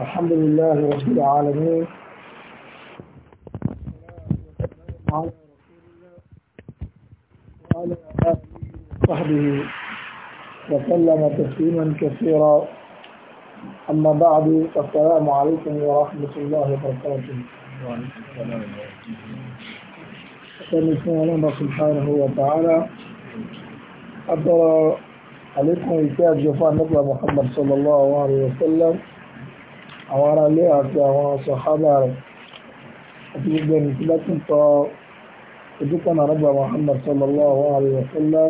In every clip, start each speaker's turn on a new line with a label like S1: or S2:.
S1: الحمد لله رب العالمين على رسول الله وعلى آله وصحبه وسلم تسليما كثيرا أما بعد السلام عليكم ورحمة الله وبركاته وعليكم السلام ورحمة الله سبحانه وتعالى atọ́rọ àlékún ìfẹ́ àjọfà nípa Muhammad sallallahu alaihi wa sallam àwọn ará ilé àti àwọn sọ̀hábà rẹ̀ àti gbogbo ẹni tí bá tún tọ ojúkan àrọ́bà Muhammad sallallahu alaihi wa sallam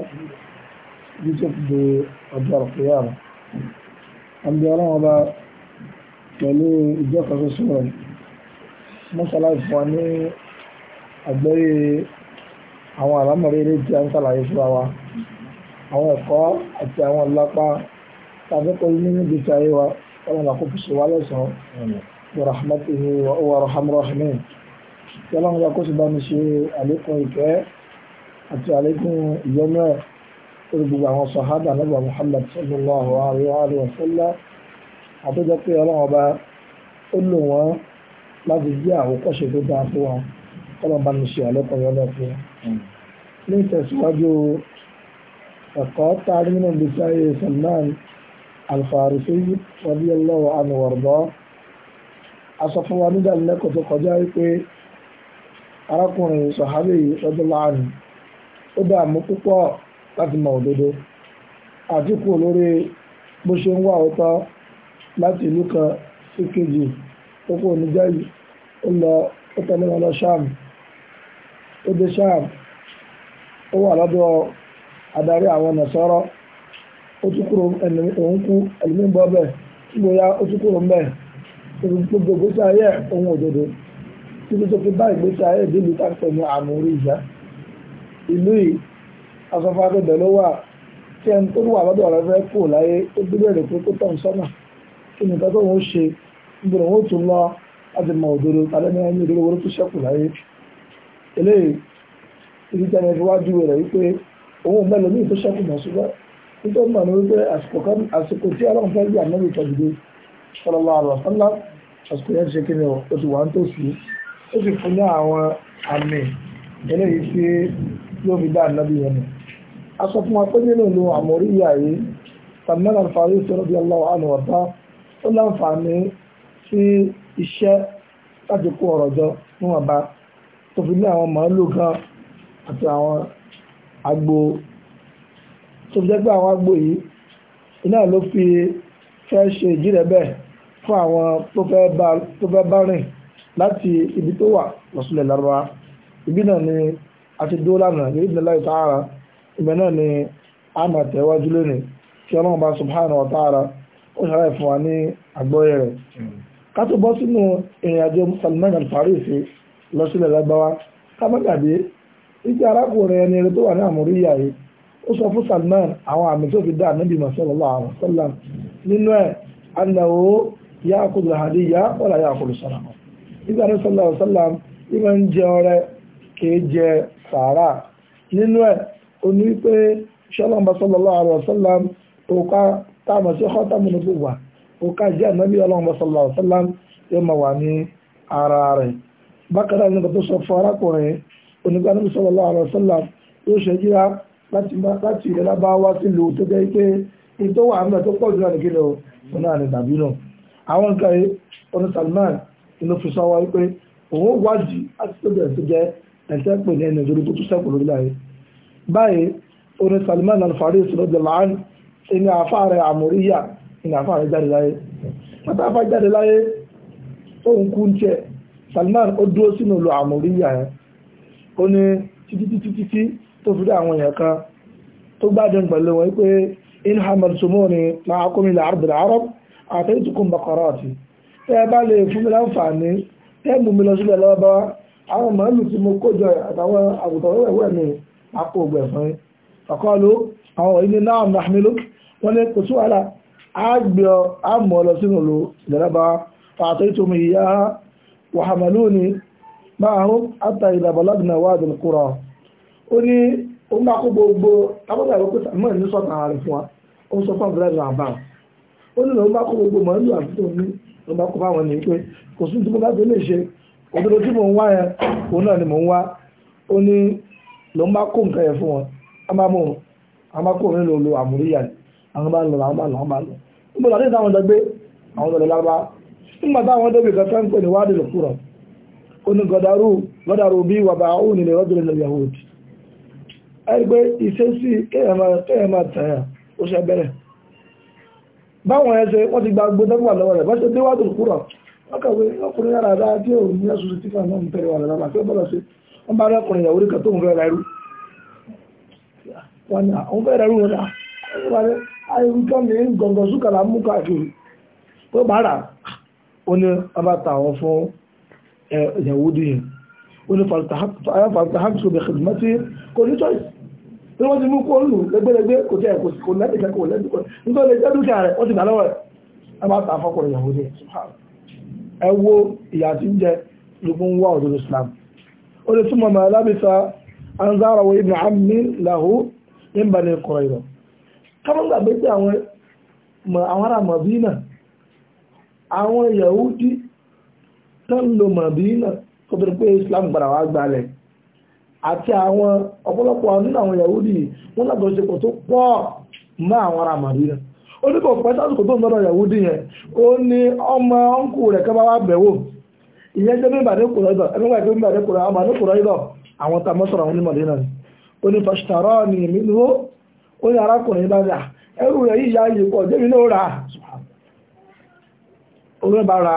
S1: bíṣọ́p de ọjọ́ àkúyàrá àbí ọlọ́run ọba pẹ̀lú ìjọkọ̀ tó súnmọ́ rẹ̀ fún wa ní àgbẹ̀rẹ̀ àwọn àlámọ̀rẹ́ ilé tí a ń sàlàyé fún wa àwọn ẹ̀kọ́ àti àwọn ìlàpá tàbí kọlu nínú ìgbésí ayé wa ọlọ́run àkókò ṣe wá lẹ́sàn-án warahmatuhu wa rahmatulahi yọlọ́run yà kó sì bá mi ṣe àlékún ìkẹ́ àti àlékún ìyọ́nú ẹ̀ lórí gbogbo àwọn sọ̀hádà nígbà Muhammad sallallahu alayhi wa sallam àtọ́jọ́ pé ọlọ́run ọba ó lò wọ́n láti jẹ́ àwòkọ́ṣe tó dáa fún wọn ọlọ́run bá mi ṣe àlékún ìyọ́nú ẹ̀ fún wọn. ní ìtẹ̀síwájú وقد تعلم بسعي سلمان الفارسي رضي الله عنه وارضاه asọ̀fún wa nígbà lẹ́kọ̀ọ́ tó kọjá wípé arákùnrin sọ̀hábì lọ́jọ́ láàrin ó dààmú púpọ̀ láti mọ òdodo àtìkù lórí bó ṣe ń wà ọ̀tọ̀ láti ìlú kan sí kejì tó kò ní jẹ́yì ó lọ ó tẹ̀lé wọn lọ ṣáàmù ó dé ṣáàmù ó wà lọ́dọ̀ adarí àwọn nàṣọ́rọ́ ó tún kúrò òun kú ẹlòmíín bọ́ bẹ́ẹ̀ gbóyà ó tún kúrò mbẹ́ gbogbo ìgbésí ayé ohun òdodo títí tó fi bá ìgbésí ayé ìdílù táǹpẹ̀ ní àmúrí ìyá ìlú yìí asọ́fà àgbẹ̀bẹ̀ ló wà tí ẹni tó wà lọ́dọ̀ fẹ́ kú láyé ó pé kó tọ̀ sọ́nà kí ni ṣe òun ó tún lọ láti mọ òdodo tàbí ẹni tó owó mẹ́lòmíì tó ṣẹ́kù mọ̀ ṣùgbọ́n nítorí mọ̀ ní wípé àsìkò tí ọlọ́run fẹ́ gbà mẹ́rin ìtọ́jú sọlọ́lá àlọ́sọ́lá àsìkò yẹn ṣe kíni o ti wà ń tòsí ó sì fún ní àwọn àmì eléyìí tí yóò fi dá ànábì yẹn nù. a sọ fún wa pé nínú ìlú àmórí ìyá yìí Salman al-Farisi radiyallahu anhu ọ̀tá ó láǹfààní sí iṣẹ́ láti kó ọ̀rọ̀ jọ níwọ̀nba tó fi ní àwọn màálù kan àti àwọn agbo tó fi jẹ́ pé àwọn agbo yìí iná ló fi fẹ́ ṣe ìjírẹ̀ bẹ́ẹ̀ fún àwọn tó fẹ́ bá rìn láti ibi tó wà lọ́sùlẹ̀ lárúbá ibi náà ni a ti dúró lánàá ní ìdílé láì tààrà ibẹ̀ náà ni a máa tẹ̀wájú lónìí kí ọlọ́run bá subhanahu wa ó ṣàlàyé fún wa ní àgbọ́yé rẹ̀ ká tó bọ́ sínú ìrìn àjò Salman al lọ́sùlẹ̀ lágbáwá ká má gbàgbé títí arákùnrin ẹni rẹ tó wà ní àmúríyà yìí ó sọ fún Salman àwọn àmì tó fi dá ànábì sallallahu alaihi wasallam nínú ẹ̀ anáwó ya'kulu al-hadiyya wala ya'kulu sadaqa nígbà ní sallallahu alaihi wasallam ìmọ̀ ń jẹ ọrẹ kìí jẹ sàárà nínú ẹ̀ ó ní pé sọlọ́mbà sallallahu alaihi wasallam òkà táàmù sí khatamun nubuwwa òkà jẹ́ ànábì ọlọ́mbà sallallahu alaihi wasallam yóò máa wà ní ara rẹ̀ bákan náà nígbà tó sọ fún arákùnrin onígbà Ànábì sallallahu alaihi wasallam yóò ṣẹ́jìrá láti ilẹ̀ lábáwá sílùú tó jẹ́ pé ètò wà ń bẹ̀ tó pọ̀ jù náà nìkílẹ̀ òun náà ní tàbí náà àwọn nǹkan yìí oní Salman inú fi sọ wá pé òun wájú láti tó bẹ̀rẹ̀ tó jẹ́ ẹ̀sẹ̀ pè ní ẹni ìjọba tó Salman al-Faris radiyallahu anhu ẹni àfa rẹ̀ àmúríyà ẹni àfa rẹ̀ jáde láyé pátá àfa Salman ó dúró ó ní títítítítí tó fi dá àwọn èèyàn kan tó gbádùn pẹ̀lú wọn pé in hamaltumuni ma'akum ila ardil arab ataytukum baqarati tẹ́ bá lè fún mi láǹfààní tẹ́ mú mi lọ sílẹ̀ lọ́wọ́ bá àwọn màálù tí mo kójọ àtàwọn àgùntàn wẹ́wẹ́ mi àpò ògbẹ̀ márùn átà ìlà balagna wádìí kúrò ó ní ó máa kó gbogbo abúlé àwọn pé sàmúlẹ̀ ní sọ̀tà ààrẹ fún wa ó ń sọ fún abúlé àwọn àbá ó ní lòun bá kó gbogbo màálù àtúntò ní lòun bá kó báwọn ní pé kò sí tí mo bá fi lè ṣe òdodo tí mò ń wá yẹn òun náà ni mò ń wá ó ní lòun bá kó nǹkan oní gọdarú gọdarú bí wàbà òun ilẹ̀ rọ́jọ́ ilẹ̀ yahudi ẹgbẹ́ ìṣesí kéèyàn tẹ̀yà ó ṣe bẹ̀rẹ̀ báwọn ẹsẹ̀ wọ́n ti gba gbọ́dọ́gbà lọ́wọ́ rẹ̀ bọ́ṣẹ́ déwádò kúrọ̀ wọ́n kàwé ọkùnrin yàrá rà tí ò ní ẹ̀sùn sí tífà náà ń tẹ̀rẹ̀ wà lára tí ó bọ́lọ̀ sí wọ́n bá rẹ̀ ọkùnrin ìyàwó ríkà tó ni àwọn fẹ́ ra irú wọn náà wọ́n bá rẹ̀ yahudi yẹn ó ní fàtàhàtù bẹ̀ xidmọ́tì kò ní choice tí wọ́n ti mú kó lù lẹ́gbẹ́lẹ́gbẹ́ kò tẹ́ kò lẹ́dí kò lẹ́dí kò nítorí ẹjẹ́ dúkìá rẹ̀ wọ́n ti gbàlọ́wọ́ rẹ̀ ẹ máa ta afọ́kùnrin yahudi ẹ wo ìyà tí ń jẹ lùkún wà òdodo islam ó lè túmọ̀ mọ̀ lábìsà anzara wo ibn ammi tó ń lo mọ̀dínà tó tó pé Islam padà wá gbalẹ̀ àti àwọn ọ̀pọ̀lọpọ̀ nínú àwọn Yahudi wọ́n lágbàṣepọ̀ tó pọ̀ mọ́ àwọn ará mọ̀dínà oníkọ̀ pẹ́tàkù tó ń lọ́dọ̀ Yahudi yẹn ó ní ọmọ ọ̀nkù rẹ̀ kẹ́ bá wá bẹ̀wò ìyẹn jẹ́ mímbà ní kùrọ̀ ìdọ̀ ẹgbẹ́ ìgbẹ́ mímbà ní kùrọ̀ àmà ní kùrọ̀ ìdọ̀ àwọn tá a mọ́sọ̀rọ̀ ni ó ní fàṣítàrọ́ ni èmi ni ó ó ní arákùnrin bá dà ah, ẹrù rẹ̀ yíya yìí bá ra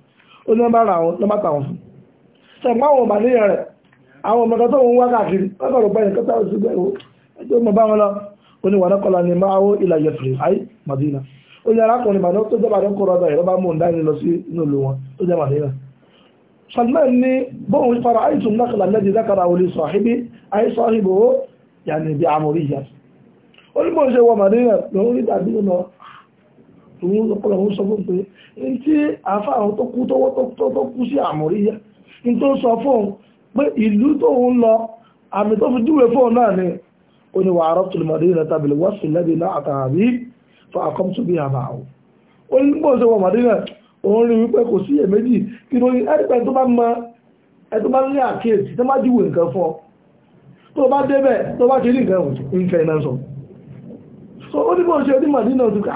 S1: ó ní bára àwọn lọ́mà tàwọn fún ṣẹ̀gbọ́n àwọn ọmọ àníyàn rẹ̀ àwọn ọmọ tó ń wá káàkiri lọ́kọ̀ọ́ rògbà yẹn kọ́tà sí bẹ́ẹ̀ o ẹjọ́ mọ̀ bá wọn lọ ó ní wàdà kọlà ní máa wó ilà yẹfìrì ayé Madina ó ní arákùnrin bàdán tó jẹ́bàdé kọ́rọ̀ ọ̀dọ̀ ìrọ́bà mú dání lọ sí inú ìlú wọn tó jẹ́ Madina Salman ní bóun fara àìsùn nákàlà lẹ́dí zákàrà òlì sọ̀híbí àìsọ̀híbò yàní bí amòríyà ó ní bóun ṣe wọ Madina lòun rí dàbí ọ̀nà ìwọ́n ọpọlọ ń sọ fún pé ní tí àáfà àwọn tó kú tọwọ́ tó kú sí àmọ̀ríyá ní tó sọ fóun pé ìlú tó ń lọ àmì tó fi júwe fóun náà ni ó ní wàá rọ́pù tòlùmọ̀dé ìrìn tàbí lè wọ́sì lẹ́bi náà àtàrí fún àkọ́mtù bí àbá o ó ní bó ṣe wọ màdínà òun rí wípé kò sí èméjì kí ló ní ẹgbẹ́ tó bá mọ ẹtọ́ bá ní àkíyèsí tó bá júwe nǹkan fún ọ tó bá débẹ̀ tó bá ti rí nǹkan ìfẹ́ náà sọ so ó ní bó ṣe ní màdínà òdùkà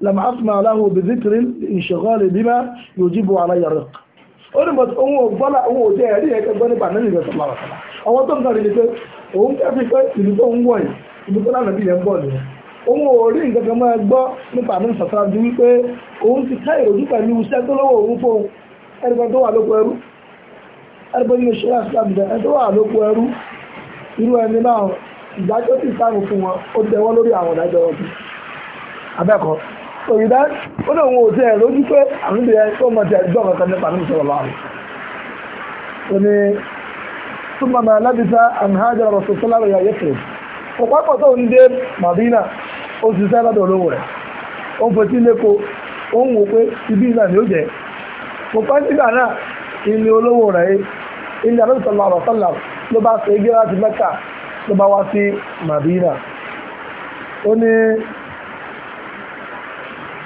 S1: لم أسمع له بذكر الانشغال بما يجب علي الرق ó ní bọ̀ ohun ọ̀gbọ́lá ohun òjẹ́ ẹ̀rí ẹ̀kẹ́ gbọ́ nípa nínú ìgbésọ̀ lára kan ọwọ́ tó ń gbà nílé pé òun kẹ́fì pé ìlú tó ń wọ̀ yìí ibi tó lánàá bí yẹn ń bọ̀ nìyẹn ohun òórí nǹkan kan máa gbọ́ nípa nínú sàtàrà ju wípé òun ti ká ìròjú pẹ̀lú iṣẹ́ tó lọ́wọ́ òun fóun ẹnìkan tó wà lóko ẹrú ẹnìkan nínú ṣẹlá sílámùdẹ ẹni tó wà lóko ẹrú irú ẹni náà ìdájọ́ ti sáàmù fún wọn ó tẹwọ́ lórí àwọn ìdájọ́ ọdún abẹ́kọ̀ọ́ òyìnbá ó lè wọn ò tẹ ẹ lójú pé àwọn ìbí ẹ tó mọ tẹ ẹjọ́ kankan nípa ní sọ̀rọ̀ láàrin ó ní súnmọ́ máa lábísá àmìhájà rọ̀ sọ̀tọ́ lára ìyá yẹ́fẹ̀ ọ̀pọ̀ àpọ̀ tó ń dé Madina ó sì sẹ́ lọ́dọ̀ olówó rẹ̀ ó ń fetí lẹ́kọ ó ń wò pé ibi ìlànà ni ó jẹ́ ọ̀pọ̀ nígbà náà ilé olówó rẹ̀ ilé àlọ́sọ̀lá rọ̀ sọ̀lá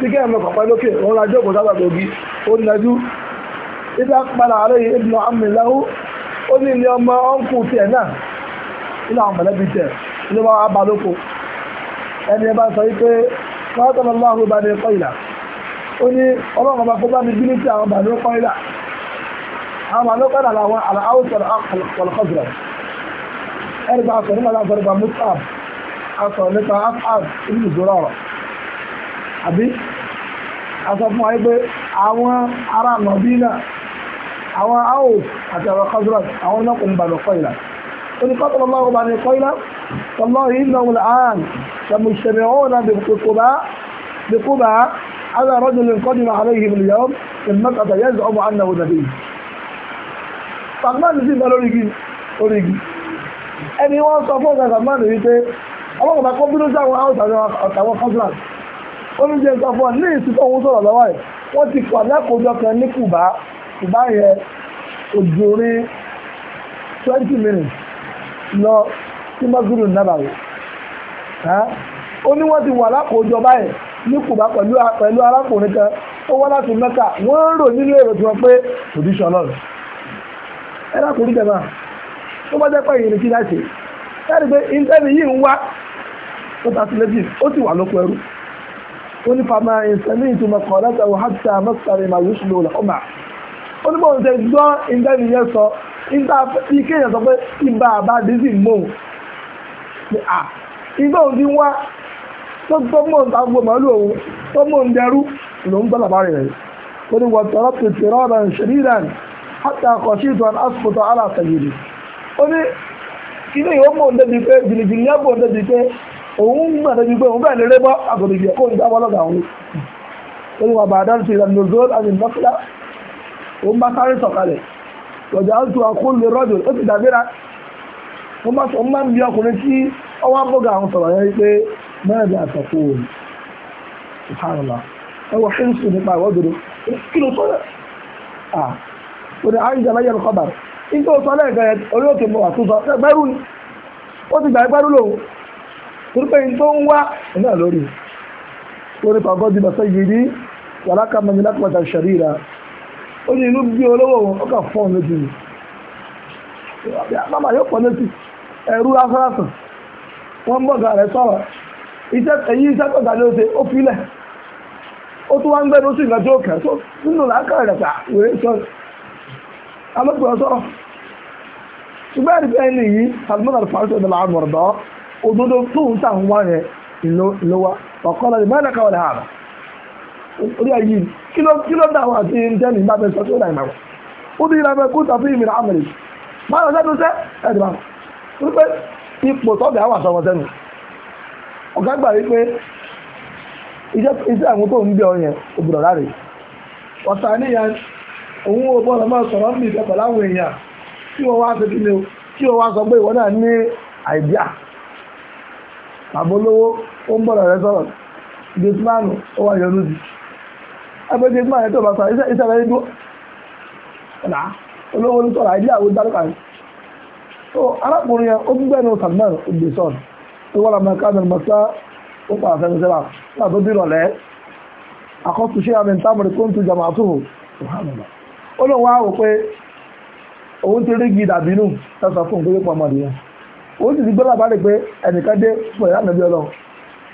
S1: sígẹ́ ẹ̀mọ́ kọ̀pẹ́ lókè òun ra jókòó sábà gbòógì ó nàjú ìdá padà àárẹ̀ ó ní ilé ọmọ ọ̀nkù tiẹ̀ náà àwọn mọ̀lẹ́bí á ẹni ẹ sọ wípé wọ́n lọ́wọ́ ìlà ó ní ọlọ́run kó bá mi bí ní ti àwọn ìlà àwọn ìlà làwọn ẹni bá sọ àbí aṣọ fún wáyé pé àwọn ará nọ̀bílà àwọn áòf àti àwọn kọ́sùrọ̀t àwọn ọlọ́kùnrin bàbá kọ́ìlà ó ní kọ́sùrọ̀ lọ́wọ́ bá ní kọ́ìlà tọ́lọ́hìn iná wọn àn ṣàmù ìṣẹ̀lẹ̀ ọ̀hún náà bí kú bá على رجل قدم عليه من اليوم ẹni wọ́n sọ fún ọ̀gá sàmánì wípé ọlọ́pàá kọ́bínú sáwọn áùtàwọn kọ́sùlàtì oúnjẹ nǹkan fún ọ ní ìsìnkú òun sọ̀rọ̀ lọ́wọ́ ẹ̀ wọ́n ti pàdé àkójọ kan ní kùbá kùbá yẹn òjòrí twenty minutes lọ sí mọ́sùlùmí nàbàwò ó ní wọ́n ti wà lákòójọ báyìí ní kùbá pẹ̀lú arákùnrin kan ó wá láti mẹ́ta wọ́n ń rò nílé èrò tí wọ́n pé òdíṣọ́ lọ́rùn ẹ lákòójọ jẹ̀mọ́ tó bá jẹ́ pé ìrìn kí láti ṣe ẹ pé ìńtẹ́ni yìí ń wá ó ta sí létí ó sì wà lóko ẹrú ó ní fama ìsẹ̀lẹ̀ ìtumọ̀ kan láti àwọn hapsi amọ́sàrin ma yóò ṣùlọ ọmọ ó ní bọ́ọ̀n tẹ gbọ́ ìdẹ́ni yẹn sọ ike yẹn sọ pé ibà bá dizzy mò ń à ibà òun ti wá tó tó mò ń tàgbò màálù òun tó mò ń dẹrú lòún tọ́lá bá rẹ̀ ó ní wọ́n tọ́lá tètè rọ́ọ̀dà ṣẹ̀díran hátà kọ̀ṣí ìtàn asùpùtọ̀ alàṣẹ̀yìrì ó ní ilé ìwọ́n mò òun gbọ́dọ̀ pé òun bẹ́ẹ̀ lè rébọ́ àgbọ̀dọ̀jù ẹ̀kọ́ ìjábọ̀ lọ́dọ̀ àwọn olú wa bàdán ti ìlànà nozol òun bá sáré sọ̀kalẹ̀ lọ́jà tu lè ó ti dàbíra sọ bí ọkùnrin tí ọwọ́ àwọn sọ̀rọ̀ yẹn pé àtọ̀kù òun torípé tó ń wá náà lórí lórí pàgọ́ di bàtà yìí ní wàlákà mẹ́mílá pàtà ṣàríra ó ní inú bí olówó ó kà fọ́ọ̀n lójú mi bàbá yóò pọ̀ létí ẹ̀rú afárásàn wọ́n ń bọ̀gà rẹ̀ sọ̀rọ̀ èyí iṣẹ́ tó gàdé ose ó filẹ̀ ó tún wá ń gbẹ́nu sí ìgbà tí tó nínú làákà rẹ̀ pà ah, wèrè sọ̀rọ̀ alóògbé ọ̀sọ̀rọ̀ ṣùgbọ́n bẹ́ẹ̀ ni yìí Salman al ọ̀dọ̀ òdodo fún tàn wá rẹ̀ ìlówá ọ̀kọ́lá lè mọ́lẹ́ka ọ̀dà àrà orí ayé kí ló dá àti ìjẹ́ni bá sọ tí ó ó bí ìlànà kú tàbí ìmìnira àmìlì máa lọ sẹ́nu sẹ́ ẹ̀dì pé ipò tọ́bẹ̀ àwọn sẹ́nu ọ̀gá gbà pé iṣẹ́ àwọn tó ń bí òbúrọ̀ láre ọ̀sà níyàn òun ò bọ́ọ̀lọ́ o tí wọ́n wá sọ pé àbólówó ó ń bọ̀rọ̀ rẹ sọ̀rọ̀ gẹ̀tìmánù ó wà yọrù sí ẹgbẹ́ gẹ̀tìmánù tó bá sọ iṣẹ́ rẹ dúró ọ̀nà olówó ní sọ̀rọ̀ àìdí àwọn ìdálùkà rẹ̀ tó arákùnrin yẹn ó gbẹ́nu Salman ògbè sọ̀rọ̀ tó wọ́n làmọ́ ká mẹ́rin mọ́sá ó pa àfẹ́ náà tó àkọ́tù ṣé àmì kó ń tu jàmà tó hù ó wá wò pé òun ti rí ó sì ti gbọ́ làbárí pé ẹnìkan dé pọ̀ ìyá àmì ọlọ́run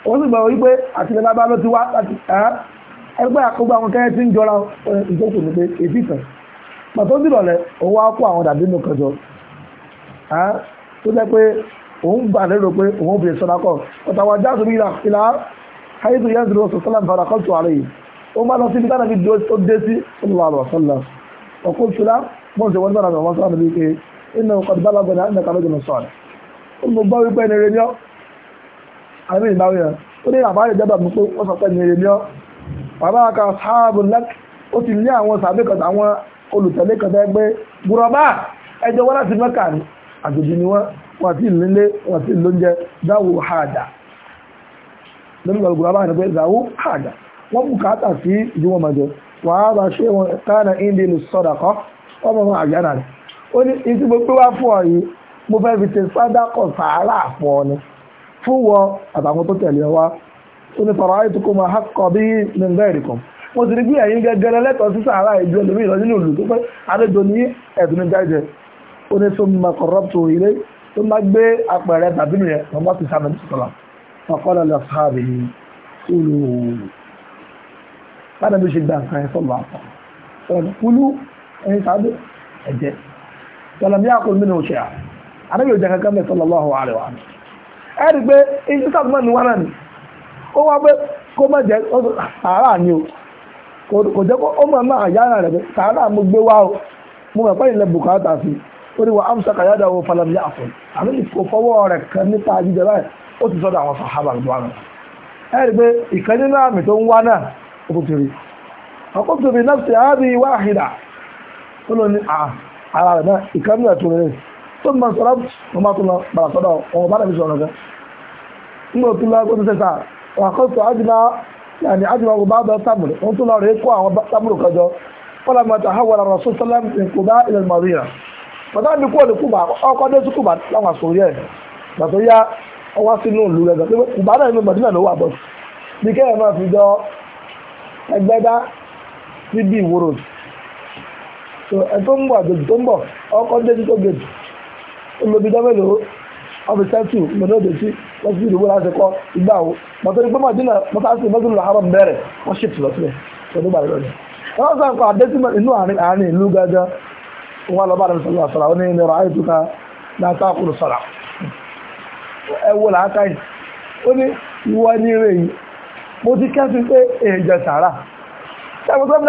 S1: ó sì gbọ́ wípé àtìlẹ́ bàbá ló ti wá láti ẹgbẹ́ àkógbó àwọn kẹ́yẹ́ tí ń jọra ìjókòó ní pé èsì ìtàn pàtó dìrọ̀lẹ́ òun wá kó àwọn dàbí inú kan jọ tó jẹ́ pé òun gbà lérò pé òun fi sọ́ra kọ́ ọ̀tàwọn jáde bí ìlà ayétu yẹn ti rọ́ọ̀sọ̀ sọ́lá nfàdà kọ́ tó ó máa lọ sí ibi táwọn tó dé sí sọ́lá àlọ́ sọ́lá sí wọn náà wọ́n sọ́ra níbi pé inú ọkọ̀ ìbálòpọ̀ náà ń mo gbọ́ wípé ẹni remiọ́ àmì ìbáwí ẹ̀ ó ní àbá rẹ̀ mú pé wọ́n sọ pé ẹni remiọ́ bàbá ka sáàbù lẹ́k ó ti àwọn kan àwọn olùtẹ̀lé kan tẹ́ pé ẹjọ́ wọ́n láti mẹ́kà ní àjòjì ni wọ́n wọ́n ti lílé wọ́n ti lóúnjẹ dáwò hàjà lórí ọ̀rọ̀ bùrọ̀bá ni pé dáwò hàjà wọ́n sí bá ṣe wọn sọ̀dà mo fẹ́ fi ṣe sádàkọ̀ sàárà fún ọ ni fún wọ àtàwọn tó tẹ̀lé wa ó ní fara ayé tó kó máa hákọ̀ bí nígbà ìrìkọ̀ mo sì rí bí ẹ̀yin gẹ́gẹ́rẹ́ lẹ́tọ̀ọ́ sí sàárà ìjọ ẹlòmíì lọ nínú ìlú tó pé àlejò ní ẹ̀dùn ní jáde ó ní sọ ma kọ̀rọ̀pù ilé tó má gbé apẹ̀rẹ̀ tàbí rẹ̀ lọ́mọ́ ti sàmì sọ̀rọ̀ fọkọ́lẹ̀ lọ sáàbì kúlù bá dàbí ṣe gbà nǹkan ṣe àpọ̀ àdébí òjá kankan bẹ́ẹ̀ sallallahu alaihi wa sallam ẹ rí i pé iṣẹ́ sàgbọ́n ni wọ́n náà ni ó wá pé kó má jẹ́ sàárà ni o kò jẹ́ kó ó mọ̀ máa yá ara rẹ̀ pé sàárà mo gbé wá o mo mọ̀ pé ilẹ̀ bùkátà sí ó ní wa amsaka yadahu falam ya'sul àmì kò fọwọ́ rẹ̀ kan nípa jíjẹ báyìí ó ti sọ́dọ̀ àwọn sàhábà lọ́wọ́ rẹ̀ pé ìkan tó ń bá sọ̀rọ̀ mo bá lọ bàrà sọ́dọ̀ wọn bá dàbí sọ̀rọ̀ gan nígbà tó lọ ẹgbẹ́ sẹ́sà wọn àkọ́sọ̀ ájúmá yàní ájúmá kò bá wọn àwọn kọjọ fọlá ilẹ̀ bàtà ọkọ̀ dé sí láwọn àsòrí ẹ̀ olùbíjọ́ mélòó ọbẹ̀ sẹ́tù lọ́dọ̀ òdòtí wọ́n sì ìdúgbò láti kọ́ ìgbà wo mọ̀tò ní pé mọ̀dínà mọ́tàsí mọ́tòlù làárọ̀ bẹ̀rẹ̀ wọ́n ṣètù lọ́sílẹ̀ lọ́dún bàrẹ̀ lọ́dún. wọ́n sọ nǹkan àdẹ́símọ̀ inú àárín ìlú gẹ́gẹ́ wọn lọ bá rẹ̀ sọ̀rọ̀ sọ̀rọ̀ ó ní ní ọ̀rọ̀ ayé tuka láta kúrò sọ̀rọ̀ ẹ wo làákà yìí ó ní ìwọ ní rẹ̀ mo ti kẹ́sí pé èèjẹ̀ sàrà ṣàkóso bí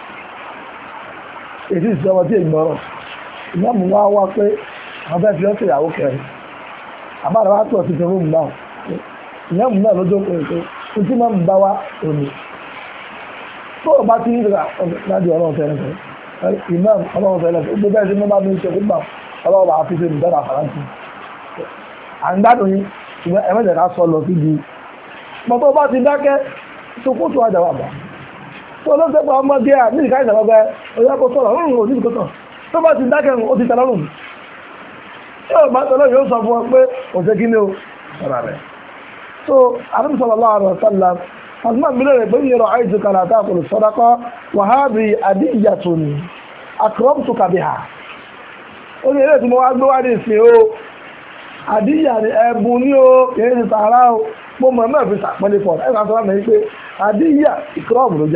S1: èdè ìjọba tí ìgbọ́rọ̀ ìyàmù wá wá pé àwọn bẹ́ẹ̀ fi ọ́sẹ̀ ìyàwó kẹrin àbára wá tó ọ̀sẹ̀ ìṣòro náà ìyàmù náà lójó pé pé ó ti máa ń bá wá òní tó o bá ti ń ra láti ọlọ́run fẹ́rẹ́ fẹ́ ìmọ̀ ọlọ́run fẹ́rẹ́ fẹ́ gbogbo ẹ̀sìn mọ́ bá mi ṣe gbogbo ọlọ́run bá fi ṣe ìdára àfàrántì à ń gbádùn yín ìwé ẹ̀mẹ́jẹ̀ ká sọ lọ sí ju mọ́tò bá ti dákẹ́ sókótó àjàwà bá tó ló ń a ní ìkáyà ìsàlọ́gbẹ́ ọjọ́ sọ̀rọ̀ ọ̀rùn tó bá ti tí ó bá tọ́lọ́ yóò a fún ọ pé òṣè kí ni ó sọ̀rọ̀ rẹ̀ so àdúgbò pé o àdíyà ni ẹ̀bùn o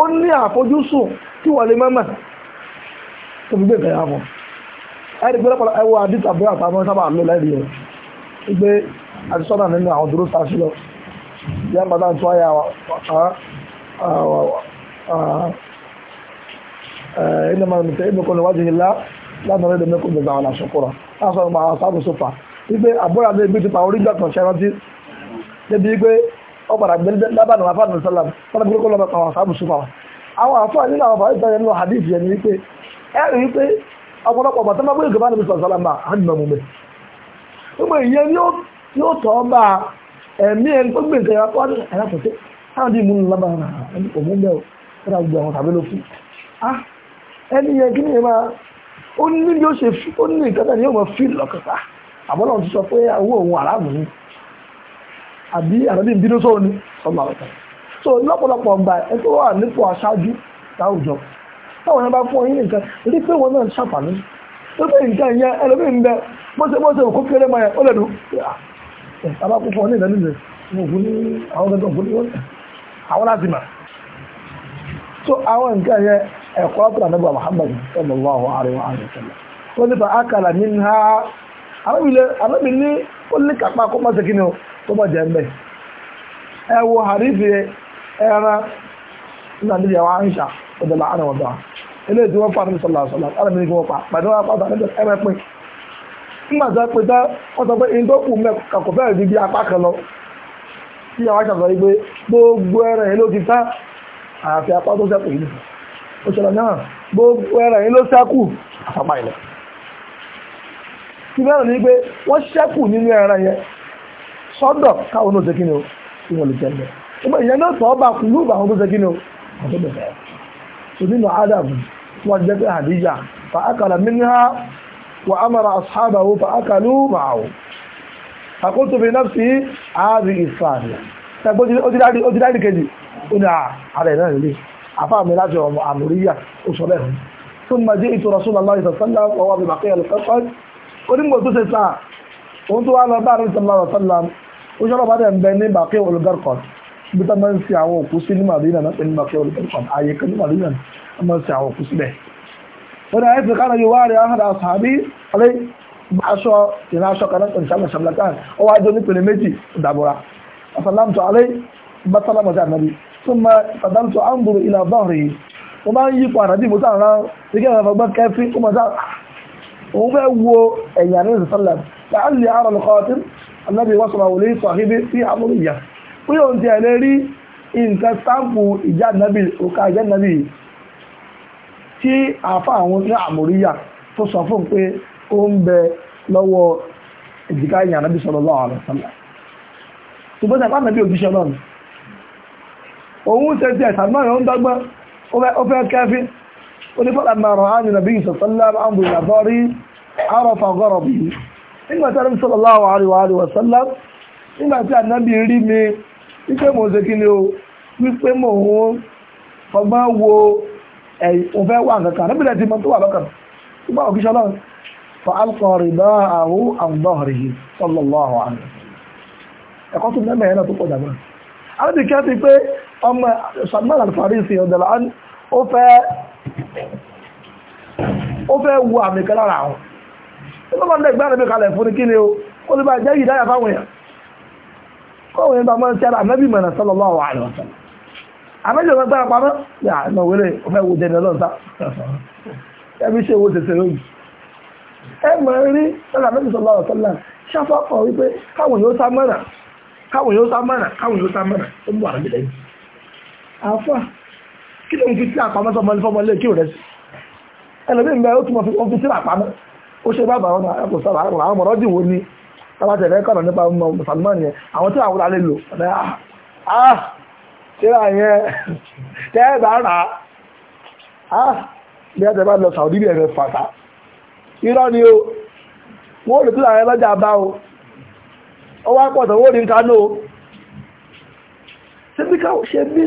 S1: ó ní àfojúsùn tí wọ́n lè mọ́mọ́ tó fi gbé ìkẹyà fún ẹni pé lọ́pọ̀lọpọ̀ ẹwọ́ àdìtà bẹ́ẹ̀ àtàwọn sábà lò lẹ́rìí rẹ̀ wípé àtisọ́nà nínú àwọn dúró sáṣí lọ yá ń bàtà tó àyà ẹni máa ń tẹ ẹni kọ́ni wájú ìlà lánàá rẹ̀ lẹ́mẹ́kọ̀ọ́ gbẹ̀gbẹ̀ àwọn àṣọkọ̀rọ̀ láàṣọ àwọn àṣàbùsọ̀fà wípé àbúrò àti ibi ti pa orí gbàtàn ṣẹ́rántí débi wípé ọgbàrà gbẹ̀rẹ̀ lábàánù afáànù sálàm fọ́nà gbogbo lọ́mọ àwọn àfáàmù súnmọ́ wọn àwọn àfáà nínú àwọn àfáà ìtàn nínú hadith yẹn ni wípé ẹ rí wípé ọ̀pọ̀lọpọ̀ bàtà máa gbé ìgbàbánu bísí sálàm bá hàn nà múmi gbogbo ìyẹn yóò tọ́ bá ẹ̀mí ẹ̀ gbogbo ìtàn yàtọ̀ ẹ̀yàtọ̀tẹ̀ táwọn dì í múnú lábàánù ẹni kò múnbẹ́ o fúnra gbogbo àwọn tàbí ló fi ah ẹni yẹn kí ni ẹ máa ó ní bí ó ṣe ó ní ìkàtà ni yóò máa fi lọ́kàtà àbọ̀lọ́ àbí àrẹ́bí ìbínú sóhun ni sọ́lá ọ̀tà so lọ́pọ̀lọpọ̀ ọgbà ẹ tó wà nípò aṣáájú láwùjọ táwọn yẹn bá fún ọyún nǹkan rí pé wọn náà tó nǹkan ń bẹ òkú kéré ó ọ ní ìdánilẹ̀ mo fún ní àwọn gẹ́gẹ́ òfin ní àwọn láti mà so àwọn nǹkan ẹ̀kọ́ ọ̀pọ̀lọpọ̀ sallallahu wa sallam wọ́n ó lè kápá kó mọ́ sí kí ni o tó ẹ wo àrífi ẹran nínú àdébí àwọn àǹṣà ọ̀dọ̀là àrẹ ilé tí wọ́n pa sọ̀lá sọ̀lá àrẹ mi ni wọ́n pa pàdé wọn pàdé àdébí ẹrẹ pin nígbà tí lọ tí àwọn gbogbo ẹrẹ yìí ló ti tán àfi apá tó sẹ́kù yìí ó ṣẹlẹ̀ náà gbogbo ẹrẹ yìí ti mẹ́rin ní pé wọ́n ṣẹ́kù nínú ẹran yẹn sọ́dọ̀ káwọn náà ṣe kí ni o kí wọ́n lè jẹ́ mẹ́ ọgbọ́n ìyẹn náà tọ́ bá kùlú bá wọn tó ṣe kí ni o àti bẹ̀rẹ̀ so nínú adam tí wọ́n jẹ́ pé àdíjà fa akala minha wa amara ashabahu fa akalu ma'ahu àkóso fi ààrí ìfààrí ṣàgbọ́n ó kejì ó ní ààrẹ náà nílé àfáà mi láti ọmọ àmúríyà ó sọ bẹ́ẹ̀ ثم جئت رسول الله صلى الله عليه وسلم وهو ببقية القصد onígbò tó ṣe sáà òun tó wá lọ bá àrùn sọlá ọ̀sọ́lá ó ṣọ́rọ̀ bá dẹ̀ ń bẹ ní bàkẹ́ olùgárkọ̀t bí tó máa ń fi àwọn òkú sí ní màdínà náà pé ní bàkẹ́ olùgárkọ̀t kan ní màdínà náà máa ń fi àwọn òkú síbẹ̀. ó dẹ̀ ẹ́sì kára yóò wá rí ahàdà sàbí alẹ́ aṣọ ìran kan náà ṣàmì ṣàmìlàkàn ó wá jọ nípele méjì ìdàbọ̀ra asàlámtò alẹ́ bá sálámù sí ànábi súnmọ́ sàdámtò àǹbùrù ìlà bọ́ọ̀rì mo máa ń yípo ànábì mo sáà rán ṣe òun fẹ́ wo ẹ̀yà ní ìsọ̀lá láàrín àrùn lọ́kọ́tún anábì wọ́sọ̀rọ̀ wòlé sọ̀híbí sí àmúrìyà pé òun ti ẹ̀lẹ́ rí nǹkan sáàpù ìjà nàbì òkà ìjà nàbì tí àfa àwọn ní àmúrìyà tó sọ fún pé ó ń bẹ lọ́wọ́ ìdíkà ìyà nàbì sọ̀rọ̀ lọ́wọ́ àrùn sọ̀lá ṣùgbọ́n tàbí nàbì òjíṣẹ́ náà òun ṣe ti ẹ̀sà náà yóò ń dọ́gbọ́n ó fẹ́ kẹ́fín onífọ́làmà rọ̀hánì nàbí ìsọ̀sọ́lám àmì ìlàbọ́rí àrọ̀fà gọ́rọ̀bì nígbà tí ànábì sallallahu alaihi wa sallam nígbà tí ànábì rí mi wípé mò ń ṣe kí ni o wípé mò ń fọgbọ́n wo ẹ̀yìn fẹ́ wà nǹkan kan níbìlẹ̀ tí mo tó wà lọ́kàn nígbà òkìṣẹ́ náà fa alkọ̀rì bá àwọ̀ àwùdọ́rì sallallahu alaihi ẹ̀kọ́ tó mẹ́mẹ́ náà tó ó fẹ́ wo àmì kan lára àwọn ó bá dẹ̀ gbára mi kalẹ̀ fún ni kí ni o ó lè bá jẹ́ ìdáyà fáwọn èèyàn kọ́wọ́ yẹn bá mọ́ sí ara ànábì mọ̀nà sallallahu alaihi wasallam àmẹ́jọ wọn gbára pamọ́ yà náà wẹ́rẹ́ ó fẹ́ wo jẹ́ni ọlọ́run sá ẹbí ṣe wo tẹ̀sẹ̀ lóyún ẹ mọ̀ rí sọ́lá ànábì sallallahu alaihi wasallam ṣáfà kọ̀ wípé káwọn yóò sá mọ́nà káwọn yóò sá mọ́nà káwọn yóò sá mọ́nà ó mú àrùn kí ló ń fi sí àpamọ́ sọmọ ilé fọmọ ilé kí ò rẹ̀ sí ẹlẹ́bí ń bẹ ó túnmọ̀ fi sí àpamọ́ ó ṣe bá bàwọn àwọn sọ̀rọ̀ àwọn àwọn ọmọdé dìwò ni tábàtì ẹ̀rẹ́ kọ̀nà nípa Salman yẹn àwọn tí àwọn alẹ́ lò ọ̀nà ah tíra ah, yẹn tẹ́ ẹ bá rà á ah, bí ẹ tẹ́ bá lọ Saudi bí ẹ̀rẹ́ fàtà irọ́ ni o wọ́n lè tíra yẹn lọ́jà bá o ó wá pọ̀ tó wọ́n rí nǹkan náà ṣe bí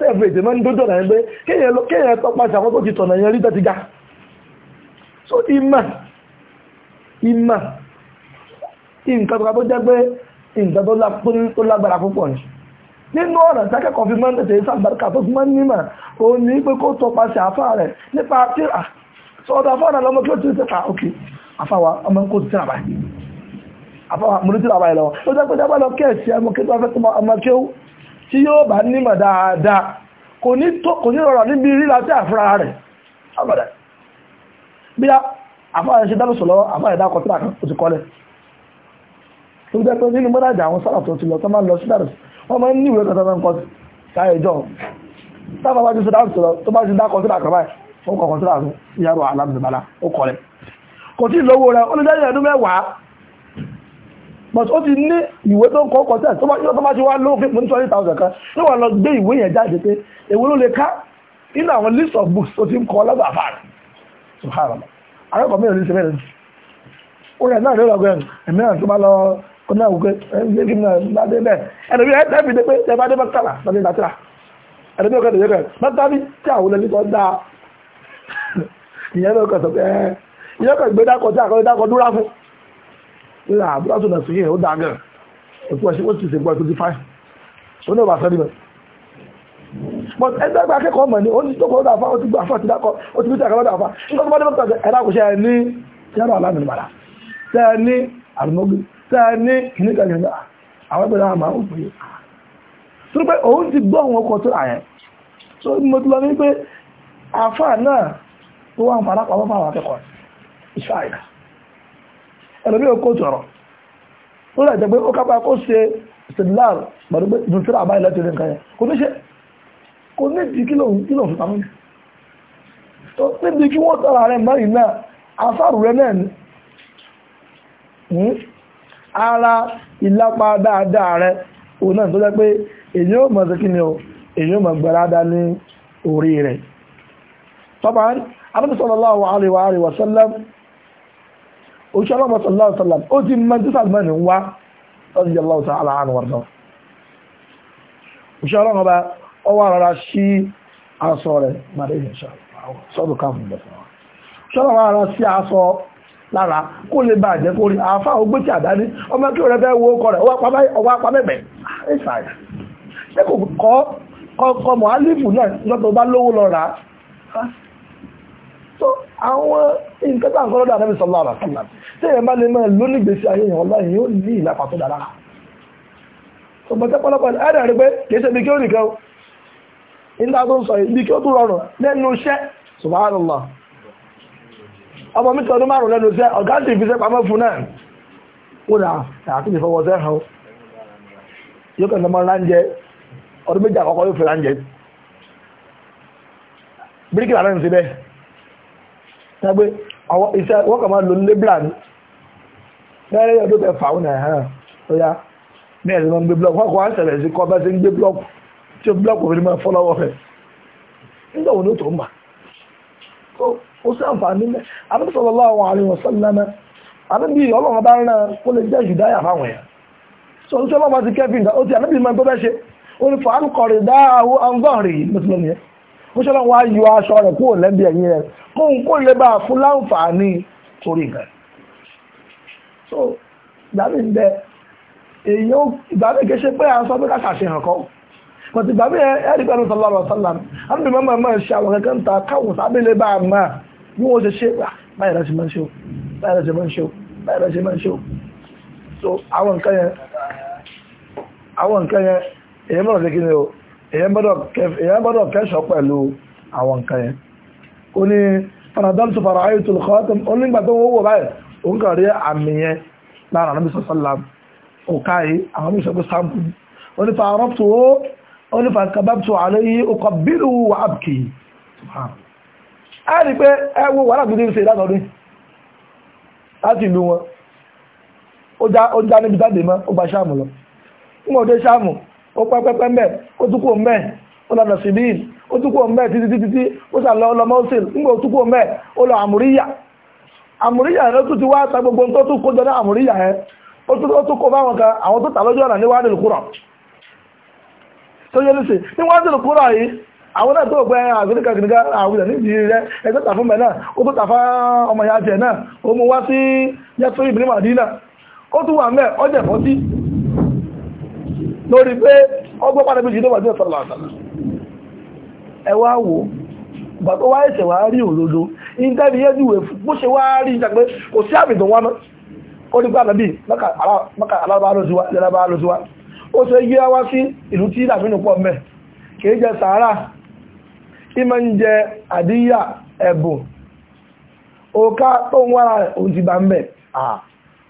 S1: sẹ́ẹ̀fù ètè mọ́ ní tó tọ̀nà yẹn pé kéèyàn tọpasẹ̀ àwọn tó ti tọ̀nà yẹn rí tẹ́tí ga so ìmà ìmà nǹkan tó jẹ́ pé nǹkan tó lágbára púpọ̀ ni nínú ọ̀nà tákẹ́kọ̀ọ́ fi máa ń tẹ̀sẹ̀ sàbárkà tó fi máa ń nímà òun ní pé kó tọpasẹ̀ àfà rẹ̀ nípa tíra sọ́dọ̀ àfà náà lọ́mọ kí ó ti tẹ́ta òkè àfàwà ọmọ kó ti tíra báyìí àfàwà mo ní tíra báyìí lọ́wọ́ ó jẹ́ pé jábọ́ lọ kẹ́ẹ̀sì ọmọ kí ó tí yóò bá nímọ̀ dáadáa kò ní tó kò ní rọrọ̀ níbi ríra tí àfúra rẹ̀ àbàdà bí i àfáà ṣe dánú sọ̀lọ́ àfáà ìdá kọtíra kan ó ti kọ́lẹ̀ tó jẹ́ pé nínú mọ́dájà àwọn sára tó ti lọ tó máa lọ sí dàrú wọ́n máa ń ní ìwé kọta tó ń kọ́ sáyé ìjọ sábà bá ti ṣe dánú sọ̀lọ́ tó bá ti dá kọtíra kan báyìí ó kọ̀ kọtíra ìyàrá alámìnira ó kọ́lẹ̀ kò tí ì lówó but ó ti ní ìwé tó ń kọ́ kọ́ tẹ̀ tó bá ti wá ló fún twenty thousand kan ní wọ́n lọ gbé ìwé yẹn jáde pé èwo ló lè ká nínú àwọn list of books tó ti ń kọ́ lọ́dọ̀ àfààrà subhanallah arákọ̀ mi ò ní sẹ́fẹ́ rẹ̀ ó rẹ̀ náà lọ́dọ̀ gbẹ̀rù ẹ̀mí náà tó bá lọ ó náà wù pé ẹ̀mí kí náà bá dé bẹ́ẹ̀ ẹ̀rọ bí ẹ̀ fi dé pé ẹ̀ bá dé mọ́tàlá lọ́dún ìdátìlá ẹ̀rọ bí ó kẹ́tẹ̀ẹ́ kẹ́tẹ̀ẹ́ mọ́tàlá tí àwọn olè nípa dáa ìyẹn ló kọ̀ sọ pé ẹ̀ ìyẹn kọ̀ gbé dákọ̀ tí àkọ́lé dákọ̀ dúrà fún nígbà àbúrò tó nà sí yẹn ó dáa gan ẹ̀kú ẹ̀ṣẹ́ ó ti ṣe gbọ́ twenty five ó ní ọba sẹ́ni mẹ́. but ẹgbẹ́ ẹgbẹ́ akẹ́kọ̀ọ́ mọ̀ ni ó ní tókòó dàfa ó ti gbọ́ àfa ti dákọ̀ ó ti bí sàkàlọ́ dàfa nígbà tó bá dé mọ́tò ẹ̀dá kò ṣe ẹ̀ ní yàrá aláàmì nìbàdà tẹ́ ẹ ní àlùmọ́gbé tẹ́ ẹ ní kìnnìkanìyàn àwọn ẹgbẹ́ náà máa ń pè é. tó pé òun ti gbọ́ àwọn ọkọ̀ tó àyẹ̀ so mo ti lọ ní pé àfa náà tó wà ń farapamọ́ fáwọn akẹ́kọ̀ọ́ ìṣáà ẹlòmí òkó sọ̀rọ̀ ó rẹ̀ jẹ́ pé ó kápá kó ṣe stedlar pẹ̀lú pé dùtúrà àbáyé lẹ́tọ̀ ní nǹkan yẹn kò ní ṣe kò ní di kílò kílò fún tàmí tó níbi kí wọ́n tọ́ra rẹ̀ mọ́rin náà afárù rẹ̀ náà ní hmm? ara ìlápa dáadáa rẹ̀ òun náà tó jẹ́ pé èyí ò mọ̀ sí kí ni o èyí ò mọ̀ gbẹ̀rádá ní orí rẹ̀ tọ́ba anábìsọ̀rọ̀ láwọ̀ àríwá àríwá sẹ́lẹ̀m oṣù aláwọ̀sọ̀lá ó ti mọ́ tí sàgbọ́n ní wá ọdún aláwọ̀sọ̀ aláhàn wọ̀rọ̀ oṣù aláwọ̀ bá ọwọ́ rárá sí aṣọ rẹ̀ màdéjì sọ́dọ̀ káfù bẹ̀sẹ̀ wọn oṣù aláwọ̀ rárá sí aṣọ lára kó lè bá jẹ́ kó rí àáfà ogbé tí àdáni ọmọ kí rẹ̀ fẹ́ wo ọkọ̀ rẹ̀ ọwọ́ apamẹ́bẹ̀ ẹ̀sàyà ṣé kò kọ́ àwọn nǹkan tá à ń sọ́rọ́ dáa nẹ́bí sọ́lá àràsílà tí èèyàn bá lè mọ́ ẹ̀ lónìí gbèsè ayé èèyàn ọlá èèyàn ó ní ìlàpà tó dára ṣùgbọ́n tẹ́pọ̀lọpọ̀ ẹ̀rẹ̀ rí pé kìí ṣe bí kí ó nìkan ó subhanallah ọmọ mi tọdún márùn lẹ́nu iṣẹ́ ọ̀gá ti fi iṣẹ́ pamọ́ fún náà ó dà àti ìfọwọ́ sẹ́ hàn yóò kàn lọ́mọ ránjẹ ọdún méjì sẹ́gbẹ́ àwọn a wọ́n kàn máa lò lébìlà ní lẹ́yìn ọdún bẹ́ẹ̀ fàáwọn náà hàn ó na ní ẹ̀sìn máa ń gbé blọ́ọ̀kù wọ́n kọ́ wọ́n ṣẹlẹ̀ sí kọ́ bá ṣe ń gbé blọ́ọ̀kù tí blọ́ọ̀kù fi máa fọ́ lọ́wọ́ wo ni ó tó sallallahu alaihi wasallam ó ṣe lọ́wọ́ ayọ aṣọ rẹ̀ kúrò lẹ́bi ẹ̀yìn rẹ̀ kó kó lè fún láǹfààní torí nǹkan so ìgbàmí ń bẹ èèyàn ìgbàmí kì í ṣe pé à ń sọ pé ká ṣàṣehàn kọ́ pọ̀tù ìgbàmí ẹ̀rí pẹ̀lú sọlọ́rọ̀ sọlá àbí mọ́mọ́ mọ́ ṣe àwọn kankan ń ta ah, so àwọn nǹkan yẹn àwọn nǹkan yẹn èèyàn èyàn gbọ́dọ̀ kẹ́ṣọ́ pẹ̀lú àwọn nǹkan yẹn ó ní fanadol tó fara ayé tó lọ́kọ́ ó nígbà tó wọ́wọ́ báyìí ó ń kàn rí àmì yẹn lára àmì sọ́sọ́lá kò káyé àwọn mí sọ́kú sáàmù ó ní fàárọ̀ tó ó ó ní fàkàbàbù tó àlẹ́ yìí ó kọ bílù wà á bìkì á rí pé ẹ ó pẹ́pẹ́pẹ́ mbẹ́ ó túkú mbẹ́ ó lọ nọ̀sìbíìn ó túkú mbẹ́ títí títí ó sàlọ ọlọ mọ́sìn nígbà ó túkú ó lọ ta gbogbo tó tún kó jọdá àmúríyà ẹ̀ ó tún kó báwọn kan àwọn tó lójú ọ̀nà níwájú tó yẹ níwájú yìí àwọn náà tó àwùjọ níbi mẹ́ náà ó tó ọmọ ìyá jẹ náà ó mú wá sí lórí pé ọgbọ́n padà bí jùlọ wàjú ọ̀sọ̀rọ̀ àtàlà ẹwà wò bà tó wá ẹ̀sẹ̀ wá rí òdodo ìntẹ́bí yẹ́ jùwẹ̀ bó ṣe wá rí ìjàgbé kò sí àbìdò wọn náà ó ní pàdà bí mọ́kà jẹ sàárà ìmọ̀ ń jẹ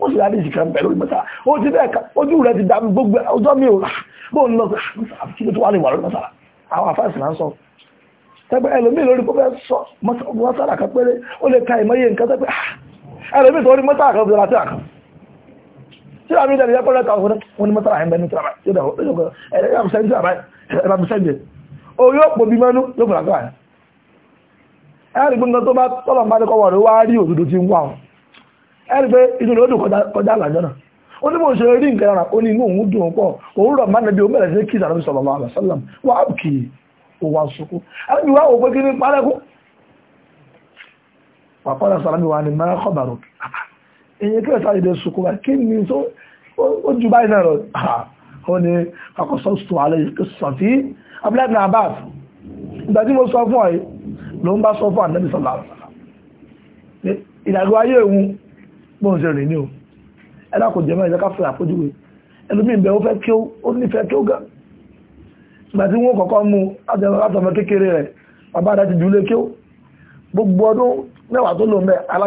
S1: ó sì láti ìṣìkà ń bẹ̀ lórí mẹ́ta ó ti bẹ́ẹ̀ ká ojú rẹ̀ ti dàbí gbogbo ọjọ́ mi ò bó ń lọ sí tó wà lè wà lórí mẹ́ta àwọn àfáìsì náà ń sọ tẹ́gbẹ́ ẹlòmí lórí kó fẹ́ sọ mọ́sára kan péré ó lè ka ìmọ̀ye nǹkan tẹ́gbẹ́ ẹlòmí tó rí mọ́sára kan fúnra tí a kan tí a rí ìdẹ̀lẹ̀ yẹ́pọ̀ lẹ́ta ọ̀fún wọn ni mọ́sára ẹ̀mẹ́ ní tíra orí ọ̀pọ̀ bí mẹ́nu ló fún àgbà ẹ̀rìn gbọ́n tó bá tọ́lọ̀ bá ní kọ́wọ́ ẹ̀rí pé inú rẹ̀ ó dùn kọjá àlàjọ́ náà ó ní mo ṣe rí nǹkan ara ó ní inú òun dùn pọ̀ òun rọ̀ má nàbí ó bẹ̀rẹ̀ sí kí sàrọ̀ sọ̀rọ̀ lọ́wọ́ àlọ́ sọ́lọ́m wà á kì í ó wá sunkún ẹ̀rí wá òpé kí ní parẹ́kú wàkọ́lá sọ̀rọ̀ wà ní máa kọ́ bàrò kí ah, ẹ̀sà ìdè sunkún wa kí ni tó ó ju báyìí náà lọ ah, ó ní akọ̀sọ́ sọ alẹ́ sọ̀tí abúlé náà bá ìgbà tí mo sọ fún bóun ṣe rìn ní o ẹ̀dá kò jẹ́mọ́ ìjẹ́ká fún àpójúwe ẹlòmíì bẹ́ẹ̀ ó fẹ́ kí ó nífẹ̀ẹ́ kí ó ga ìgbà wọ́n kọ́kọ́ mú látọmọ kékeré rẹ̀ bàbá rẹ̀ ti jùlé kí ó gbogbo ọdún mẹ́wàá tó lò mẹ́ ala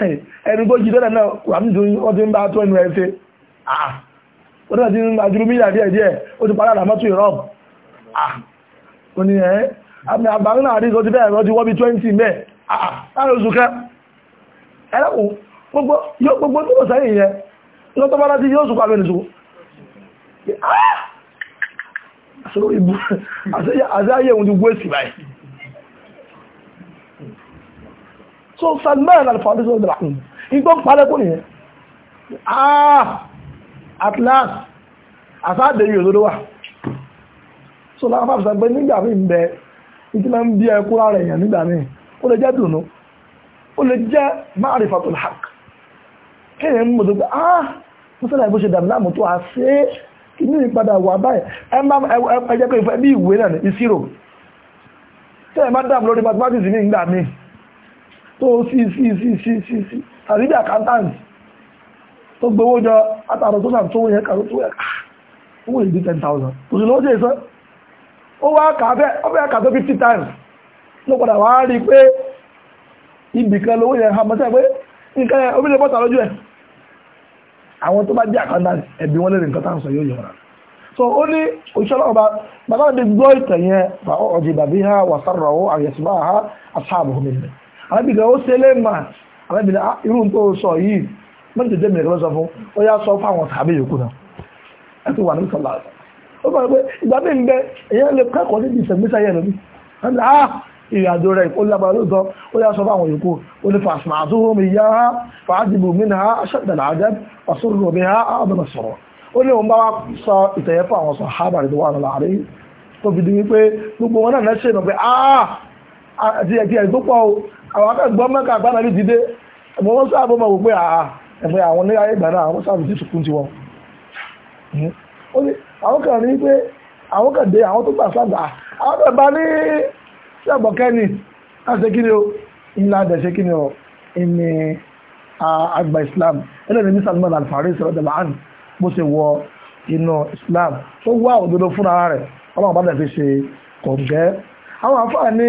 S1: ẹni tó jí tẹ́lẹ̀ náà kùránì tó wọ́n ti ń bá tó ẹnu ẹ̀ ṣe ah, ah. ó tẹ́lẹ̀ ti ń bá jùlọ mílíà díẹ̀ díẹ̀ ó ti padà àmọ́ tó ìrọ́b ah ó ní ẹ̀ àmì àbáwọn náà rí ti bẹ́ẹ̀ ti wọ́ bí 20 mẹ́ ah, ah láàrin oṣù ah àṣẹ ayé òun ti gbé sí báyìí so Salman al-Farisi sọ́dọ̀ ìdàkùn igbó parẹ́ kò nìyẹn ah atlas àsáàdé yìí òdodo wà so láwọn fàbí sàgbé nígbà mí ń bẹ ìdí máa ń bí ẹkú ara èèyàn nígbà mí ó lè jẹ́ dùnú ó lè jẹ́ ma'rifatul haqq kéèyàn ń mọ̀tò pé ah mọ́sálà ìbò ṣe dàmì láàmú tó a ṣe é kí ní ìpadà wà báyìí ẹ má ẹ jẹ́ pé ìfẹ́ bí ìwé náà ní ìṣirò tẹ́lẹ̀ má dàmú lórí mathematics ní ìgbà míì tó sí sí sí sí sí sí àríbí àkántáǹtì tó gbowó jọ látàrọ tó sàn tó yẹ tó yẹ ah, owó ìdí ten thousand kò ìsọ́ ó wá kàfẹ́ ọbẹ̀ kàfẹ́ fifty times ló padà wá rí i pé ibìkan lówó yẹn hàn pé nǹkan yẹn bọ́ta lójú ẹ̀ àwọn tó bá jẹ́ àkántáǹtì ẹ̀bí wọn lè nǹkan so ó ní òṣìṣẹ́ náà bàbá mi ha wà arábìnrin ó ṣe lè mà arábìnrin ah, irú tó sọ yìí mọ́tò jẹ́ mìíràn lọ́sọ fún ó yá sọ fáwọn tàbí yòókù náà ẹ ti wà ní sọlá ó bá pẹ́ ìgbà mi ń bẹ èèyàn lè kẹ́kọ̀ọ́ níbi ìṣẹ̀gbésẹ̀ yẹn lóbi ah, ìrìnàjò rẹ̀ ó lágbára lóòótọ́ ó yá sọ fáwọn yòókù ó ní fàṣmà àtúwò mi yá fàájìbù mí náà aṣẹ́dàlà àjẹ́ ọ̀ṣọ́rọ̀ mi á àbẹ̀rẹ̀ sọ̀rọ̀ ó ní òun bá wá sọ ìtẹ̀yẹ fún àwọn sọ̀hábà tó wà àti ẹ̀kí ẹ̀ tó pọ̀ o àwọn akẹ́gbọ́n mẹ́ka àgbàna bí ti dé ẹ̀mọ́ wọn sáà bọ́mọ̀ wò pé àà ẹ̀mọ́ àwọn ní ayé ìgbà náà àwọn sáà fi sùkún tiwọn. Hmm. àwọn kan ní pé àwọn kan dé àwọn tó gbà sáà gbà àwọn kan bá ní sẹ́gbọ̀kẹ́ni láti ṣe kí ni o ńlá àdẹ̀ ṣe kí ni o ìní àgbà Islam ẹlẹ́ni ní Salman Al-Farisi sọ̀rọ̀ bó ṣe wọ inú Islam tó wá òdodo fúnra rẹ̀ ọlọ́run bá dẹ̀ fi ṣe kọ̀ǹgẹ́ àwọn àfáà ní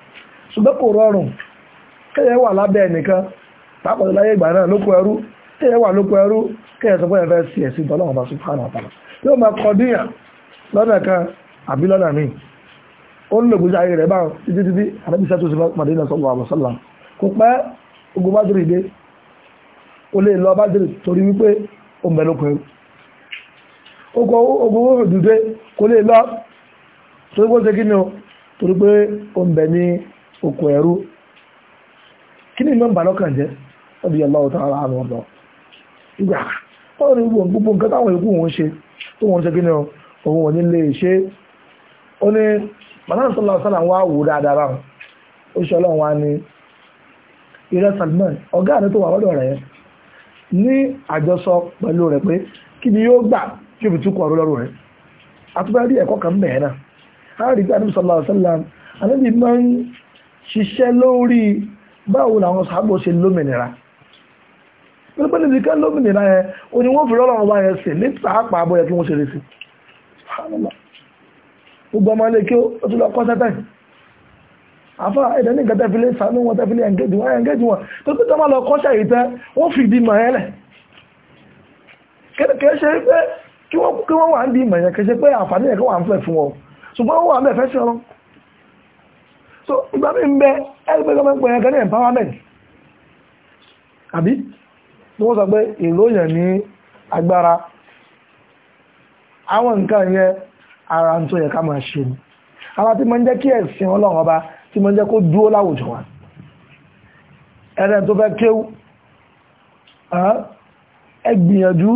S1: ṣùgbọ́n kò rọrùn kẹ́yẹ wà lábẹ́ ẹnìkan pápọ̀lọ́ láyé ìgbà náà lóko ẹrú kẹ́yẹ wà lóko ẹrú kẹ́yẹ sọ pé ẹ̀fẹ́ sí ẹ̀sìn tọ́lọ́wọ́n bá subhanahu wa ta'ala yóò máa kọ díyàn lọ́nà kan àbí lọ́nà míì ó ń lògbèsè ayé rẹ̀ Madina sallallahu alaihi wasallam kò pẹ́ ogun Badri dé ó lè lọ Badri torí wípé ó ń bẹ lóko ẹrú ogun òdùdé kò lè o ń bẹ ní oko ẹ̀rú kí ni mẹ́mbà lọ́kàn jẹ́ ọdí ọlọ́wọ́ tó ara àwọn ọ̀dọ́ ìgbà ọ̀rọ̀ ní gbogbo gbogbo nǹkan táwọn ikú wọn ṣe tó wọn ṣe kí ni òun wọn nílé ṣe ó ní manáà sọ́lá sọ́lá wọn á wò dáadáa báwọn ó ṣe ọlọ́run wa ní ìrẹ́ Salman ọ̀gá rẹ̀ tó wà lọ́dọ̀ rẹ̀ ní àjọsọ pẹ̀lú rẹ̀ pé kí ni yóò gbà kí òbí tún kọ ọ̀rọ̀ lọ́rùn rẹ̀ àtúbárí ẹ̀kọ́ kan bẹ̀ẹ́ náà á rí bí anábì sọ́lá sọ́lá anábì máa ń ṣiṣẹ́ lórí báwo làwọn sábò ṣe lómìnira pípẹ́ níbi ká lómìnira yẹn o ni wọ́n fi rọ́lọ́run wá yẹn sí ní pàápàá bóyá kí wọ́n ṣe retí gbogbo ọmọ ilé kí o tún lọ kọ́ sẹ́tẹ̀ àfá ẹ̀dẹ̀ ní ìgbẹ́tẹ̀ fílé sàánú wọn tẹ́fílé ẹ̀ngẹ́jì wọn ẹ̀ngẹ́jì wọn tó tó tọ́mọ́ lọ kọ́ṣẹ́ ìtẹ́ wọ́n fi ìdí mọ̀ ẹ́lẹ̀ kẹ́ẹ̀kẹ́ ṣe pé kí wọ́n wà ń di ìmọ̀ yẹn kẹ́ṣe pé àǹfààní ẹ̀kọ́ wà ń fẹ́ fún wọn ṣùgbọ́n wọ́n wà ń bẹ̀ fẹ́ sí ọlọ́run so ìgbà mi ń bẹ ẹgbẹ́gbẹ́gbẹ́ ẹ̀kẹ́ ní empowerment àbí tí wọ́n sọ pé ìlóyàn ní agbára àwọn nǹkan yẹn ara tó yẹ ká máa ṣe ni ara tí mo ń jẹ́ kí ẹ̀sìn ọlọ́run ọba tí mo ń jẹ́ kó dúró láwùjọ wa ẹ̀rẹ́ tó fẹ́ kéwú ah, ẹ gbìyànjú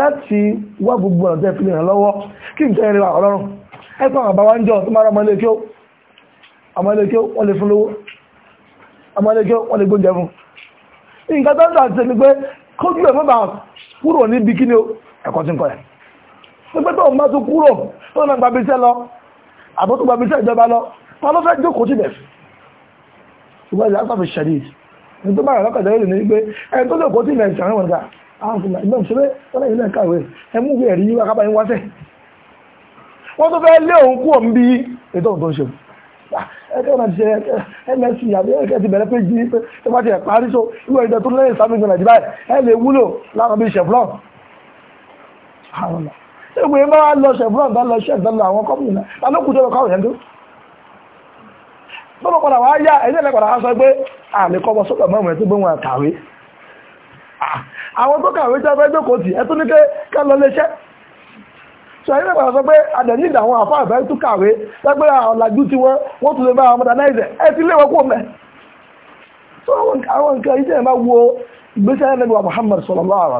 S1: láti wá gbogbo ọ̀nà tẹ́ fi lè ràn lọ́wọ́ kí n tẹ́ rí ọlọ́run ẹ pàwọn àbáwá ń jọ tó máa rọmọ ilé kéwú àmọ́lẹ́kẹ́ wọ́n lè fún lówó àmọ́lẹ́kẹ́ wọ́n lè gbóúnjẹ fún nǹkan tó ń tà sí pé kójú ẹ̀ mọ́bà kúrò níbi kí ni ẹ̀kọ́ tí ń kọ́ ẹ̀ pípẹ́ tó ń bá tó kúrò tó ń gbàbí iṣẹ́ lọ àbótó gbàbí iṣẹ́ ìjọba lọ wọn ló fẹ́ jókòó síbẹ̀ ṣùgbọ́n ìlà sàfẹ́ ṣẹ̀dí ní tó bára lọ́kọ̀ọ́ ìlú ní pé ẹni tó lè kó tí ilẹ̀ ìṣàrin wọn ká àwọn ìgbà ìgbà ìṣeré ilẹ̀ káwé ẹ ìwé ẹ̀rí yíwá kábà yín wọ́n tó fẹ́ lé òun kú òun bí ètò ẹ̀kẹ́ náà ti ṣe msc àbí ẹ̀kẹ́ ti bẹ̀rẹ̀ péjì pé tó bá ti ẹ̀ parí so ìwé ìjọ tó lẹ́yìn sáfì gbọ̀nà ìdíbà ẹ̀ lè wúlò láwọn bíi chevron ṣégbé chevron bá lọ chef lọ àwọn kọ́mù náà alókùn tó lọ káwọn yẹn tó tó lọ padà wá yá ẹ̀yẹ́ lẹ́ padà wá sọ pé àmì kọ́ bọ́ sọ́tọ̀ mọ́mọ́ ẹ̀ tó gbé wọn kàwé àwọn tó kàwé tó so ẹgbẹ́ pàtàkì sọ pé àdẹ̀ní ìdàwọn àfáà ìfẹ́ tún kàwé lẹ́gbẹ́ ọ̀làjú tí wọ́n wọ́n tún lè bá àwọn modernizer ẹ ti lé kó mẹ́ so àwọn nǹkan iṣẹ́ ìmá wo ìgbésẹ̀ ẹ̀nẹ́bí wa Muhammad sallallahu alaihi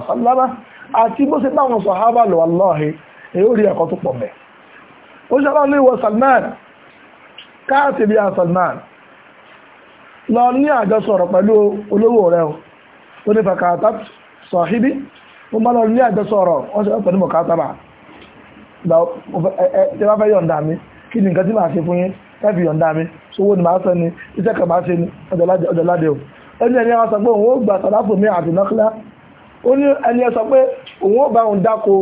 S1: wa i mo ẹ bá fẹ́ yọ̀ǹda mi kí ni nǹkan tí màá ṣe fún yín ẹ fi yọ̀ǹda mi sówó ni màá sọ ni iṣẹ́ kan màá ṣe ni ọjọ́ ládé o ẹni ẹni wọn sọ pé òun ó gba sàdáfò mi àti nọ́kílá ó ní ẹni ẹ sọ pé òun ó bá òun dáko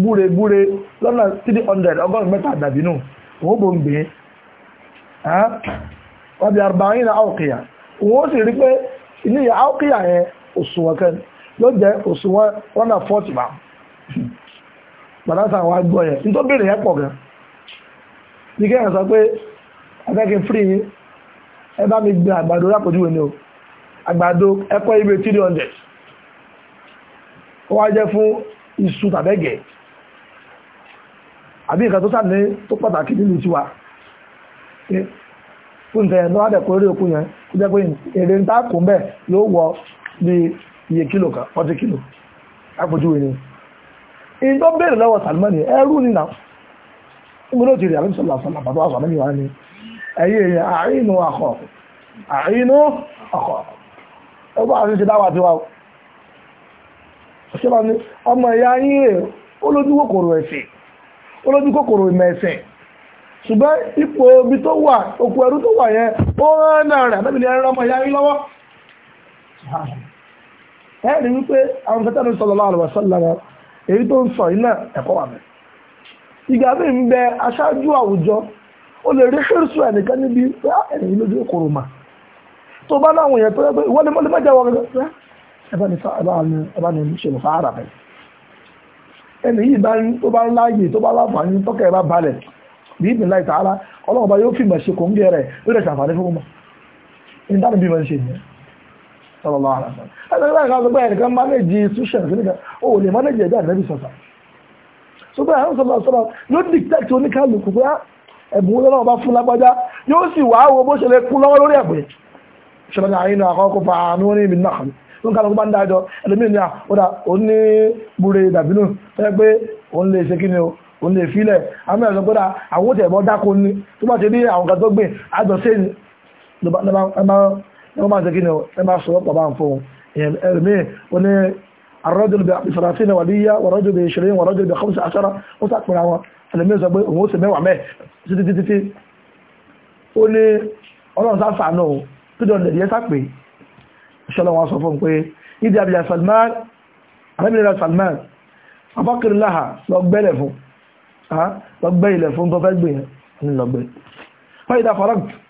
S1: gbúregbúre lọ́nà three ọgọ́rùn mẹ́ta àdàbí nù òun ó bò ń gbé wọ́n bí yìí na áwùkìyà òun ó sì rí pé ilé àwùkìyà yẹn òṣùwọ̀n kan ló jẹ́ òṣùwọ̀n one bàdásà wá wa yẹn e tó bèèrè yẹn pọ̀ gan ní kí ẹ̀yàn sọ pé afẹ́kẹ́ free yín ẹ bá mi agbado àgbàdo lápòjúwe ni o àgbàdo ẹkọ́ ibi three ó wá jẹ́ fún iṣu tàbẹ́gẹ̀ àbí nǹkan tó sàní tó pàtàkì tiwa fún ìtẹ̀yẹ̀ náà dẹ̀kọ́ eré okun yẹn kó jẹ́ pé èrè ń tá kò ń yóò wọ bí iye ìjọ bèèrè lọ́wọ́ Salman ẹrú nìna ìgbóná ti rí àríwá sọ́lá sọ́lá bàbá àwọn àmì wáyé ẹ̀yẹ èèyàn àrínú àkọ́ àrínú àkọ́ ẹgbẹ́ àti ṣe dáwà tí wá ṣe máa ní ọmọ ìyá yín rẹ̀ olójú kòkòrò ẹ̀sìn olójú kòkòrò ìmọ̀ ẹ̀sìn ṣùgbọ́n ipò ibi tó wà òkú ẹrú tó wà yẹn ó rán náà rẹ̀ àbẹ́bìnrin ẹran ọmọ èyí tó ń sọ yìí náà ẹ̀kọ́ wà mẹ́ ìgbà mi ń bẹ aṣáájú àwùjọ ó lè rí ṣírísù ẹnìkan níbi pé ah, ẹ̀yìn lójú kòrò mà tó bá láwọn èèyàn tó yẹ pé ìwọ́n lè mọ́ lè mọ́jà wọ́n rẹ̀ ẹ̀bá ni ṣèlú fàárà bẹ̀ ẹni yìí bá tó bá ń láàyè tó bá láǹfààní tọ́kẹ̀ ẹ̀ bá balẹ̀ bí ìpínlẹ̀ ìtàhálà ọlọ́run bá yóò fìmọ̀ ṣe kò ń gẹ̀rẹ̀ lórí ẹ̀ṣàǹfààní fún wọn ìdáni bí wọ́n ṣe nìyẹn sọlọ́lá ara sọ ẹgbẹ́ kan sọ pé ẹnìkan mánéjì sùṣẹ̀n sí nìkan ó lè mánéjì ẹ̀dá ànábì sọ̀sà so pé àwọn sọ̀sọ̀ sọ̀rọ̀ yóò dìtẹ́kì oníkàlùkù pé ẹ̀bùn wọn lọ́wọ́ bá fún lágbájá yóò sì wá wo bó ṣe lè kú lọ́wọ́ lórí ẹ̀bùn ìṣẹ̀lẹ̀ àyínú àkọ́kọ́ fa àánú ní ìbí náà ló ń kálukú bá ń dájọ́ ẹlòmíì ní à ah, ó dà ẹ máa ṣe kí ni ẹ máa sọ pọ̀ bá ń fún ìyẹn ẹ̀rùmí ó ní arọ́jùlù bí àpìsàràtì ní wàdíyá wàrọ́jù bí ìṣẹ̀lẹ̀ wàrọ́jù bí àkọ́mùsà àṣàrà ó sàpìnrà wọn ẹlẹ́mí sọ pé òun ó sì mẹ́wàá mẹ́ títí títí tí ó ní ọlọ́run sáfàánù pídọ̀ lè yẹ sápè ìṣọ́lọ́ wọn sọ fún pé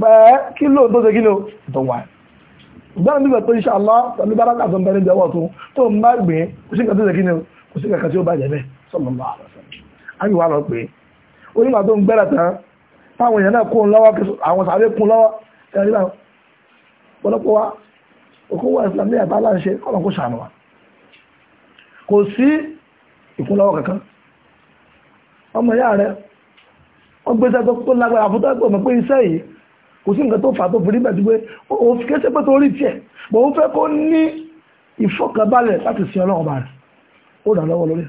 S1: bẹ́ẹ̀ kí ló tó ṣe kí ló tó wà ìgbàlá nígbà tó insha Allah pẹ̀lú bára kà tó ń bẹ̀rẹ̀ ìjọwọ́ tó tó ń bá gbé kò sí kàtó ṣe kí ló kò sí kàkà tí ó bàjẹ́ bẹ́ẹ̀ sọ̀lọ́mọ́ àlọ́sọ̀ àyíwá lọ pé onígbà tó ń gbẹ́rẹ̀ tán táwọn èèyàn náà kún lọ́wọ́ àwọn sàbẹ̀ kún lọ́wọ́ tẹ̀lé báwọn pọ̀lọpọ̀ wa òkú ọmọ ìyá rẹ wọ́n tó lágbára fún tó ẹgbẹ́ mọ̀ pé iṣẹ́ yìí kò sí nǹkan tó fà tó fi rí bẹ̀tú pé ó kéṣe pé tó rí tiẹ̀ bọ̀ ó fẹ́ kó ní ìfọkànbalẹ̀ láti sin ọlọ́run bá rẹ̀ ó rà lọ́wọ́ lórí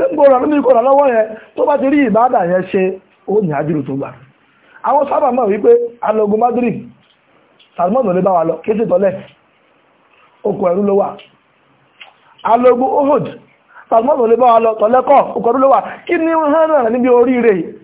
S1: ẹ̀ ń gbọ́ rà lómi kó rà lọ́wọ́ yẹn tó bá ti rí ìbáàdà yẹn ṣe ó ní àjùrò tó gbà àwọn sábà máa wípé alogun Madrid salmon lè bá wa lọ kéṣe tọ́lẹ̀ okùn ẹ̀rú ló wà alogun ohud salmon lè bá wa lọ tọ́lẹ́kọ̀ okùn ẹ̀rú ló wà kí ni hàn náà níbi oríire yìí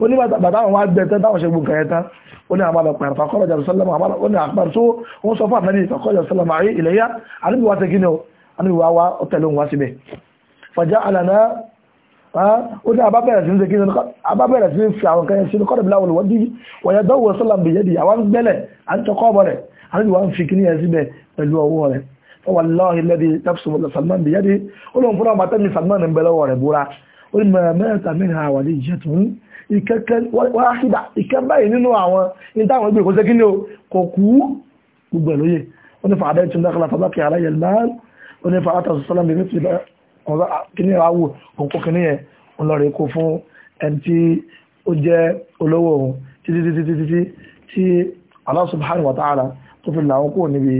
S1: ó ní bàbá àwọn wá gbẹ tán táwọn ṣe gbogbo ẹ̀tán ó ní àmàlà pẹ̀lú fàkọ́lọ̀ jàbí sọ́lọ́mà àmàlà ó ní àpàrẹ tó wọ́n sọ fún àmàlà fàkọ́lọ̀ jàbí sọ́lọ́mà àrí ilẹ̀ yá àníbi wá tẹ́kí ni ó àníbi wá wá tẹ̀lé wá síbẹ̀ fàjá àlànà ó ní àbábẹ̀rẹ̀ sí ní tẹ́kí ni àbábẹ̀rẹ̀ sí ní fi àwọn kẹyẹ sínú kọ́dọ̀ bíláwọ̀ wọ́n dí wọ̀nyẹ dọ́wọ́ sọ́lọ́mà bìyẹ́ di àwọn gbẹ́lẹ̀ à ń tọkọ́ ọmọ rẹ̀ àníbi wá ń fi kíní yẹn síbẹ̀ pẹ̀lú ọwọ́ di ó ìkẹ́kẹ́ wáṣídà ìkẹ́ báyìí nínú àwọn ìtàwọn ìgbè kò sẹ́kí ní o kò kú gbogbo ẹ̀lóyè ó ní fàádẹ́ tí ó dákàlà fàbákì aláyẹ̀ náà ó ní fàátà sọ́lá mi fi kíní àwò òkú kíní yẹn ọlọ́rẹ̀ kó fún ẹni tí ó jẹ́ olówó òun títí títí títí tí tí Allah subhanahu wa ta'ala tó fi làwọn kúrò níbi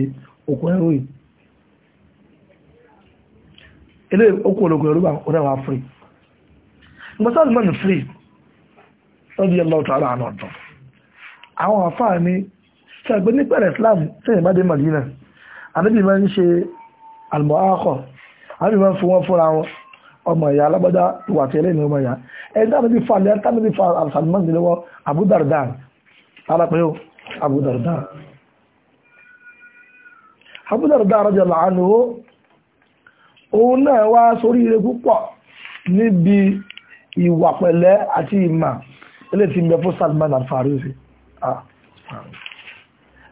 S1: ilé okùn ológun yorùbá ó free. Mbọ́sá àlùmọ́nì free lọ́dí ẹlọ́ tààrà àná ọ̀tọ̀ àwọn àfáà ni ṣàgbé ní pẹ̀rẹ̀ Islam sẹ́yìn bá dé Madina àdébì máa ń ṣe àlùmọ́ àkọ́ àdébì máa ń fi wọ́n fúnra wọn ọmọ ìyá alágbádá ìwà tí ẹlẹ́ni ọmọ ìyá ẹni táwọn ti fa alẹ́ táwọn ti fa àlùsàlùmọ́ ìdílé wọn Abu Darda alápẹ́ o Abu Darda òun náà wá sórí ire púpọ̀ níbi ìwà pẹ̀lẹ́ àti ìmà ilé ti ń bẹ fún Salman al-Farisi ah.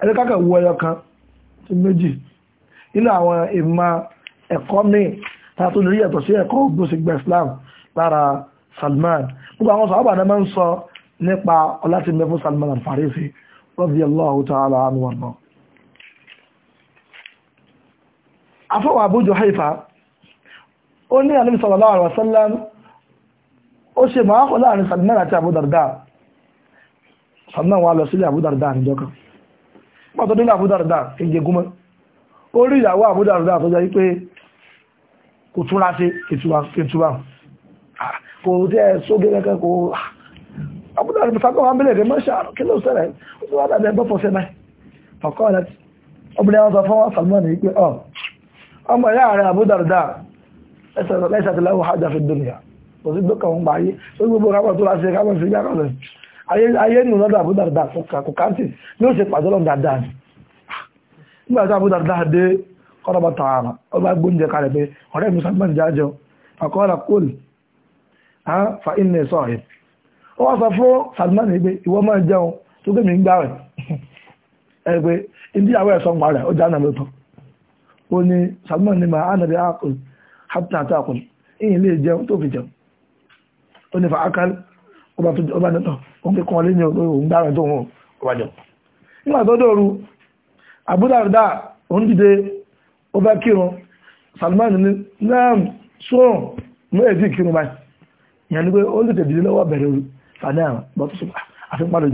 S1: ẹni kákà wọ ẹyọ kan ti méjì nínú àwọn ìmọ̀ ẹ̀kọ́ míì tá tó lórí ẹ̀tọ́ sí ẹ̀kọ́ ògbóṣègbè Islam lára Salman gbogbo àwọn sọ̀rọ̀ àbàdàn máa ń sọ nípa ọlá ti ń fún Salman al-Farisi radiyallahu ó ṣe máa kọ́ láàrin Salman àti Abu Darda Salman wà lọ sílé Abu Darda níjọ́ kan pàtó dínlẹ̀ Abu Darda ìjẹ gúnmọ́ ó rí ìyàwó Abu Darda tó jẹ́ wípé kò túnra sí ìtura kò jẹ́ sóge kankan kò Abu Darda sábà wà mílẹ̀ rẹ̀ mọ́ṣà kí ló ṣẹlẹ̀ ó ti wá dàbí hajjá fi dúnìyà òsì gbọ́kàn ń gbáyé ó gbogbo kápọ̀ tó láṣẹ kápọ̀ sí ìgbà kan ayé ní ọ̀nà àbúdà dáadáa kò káńtì yóò ṣe pàdé lọ́nà dáadáa ni nígbà tí àbúdà dáadáa dé kọ́nàbà tààrà ó bá gbóúnjẹ kalẹ̀ pé ọ̀rẹ́ mi sábà ń já jẹun Salman pé ìwọ máa jẹun tó gbé mi ń gbà rẹ̀ ẹ pé ìdíyàwó ẹ̀sọ́ ń Salman ní ma ánàbí àkùn hátà àtàkùn ìyìn lè jẹun tó fi jẹun ó ní fàákàlì ó bá tó jẹ́ ọba nítọ̀ ó ń pè kún ọ lẹ́yìn òun dára tó wọn ọba jọ nígbà tó dòru àbúdàrúdà òun dìde kírun Salman ní náà sóòrùn mú èsì kírun báyìí ìyẹn ni pé ó lè tẹ̀dí lọ́wọ́ bẹ̀rẹ̀ sàdé àwọn bọ́tù sùpà àfi pàdé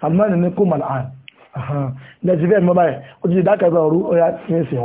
S1: Salman ní kó màlá àrùn lẹ́sìn bẹ́ẹ̀ mọ́ báyìí ó ti dákẹ́ ọ̀rú ó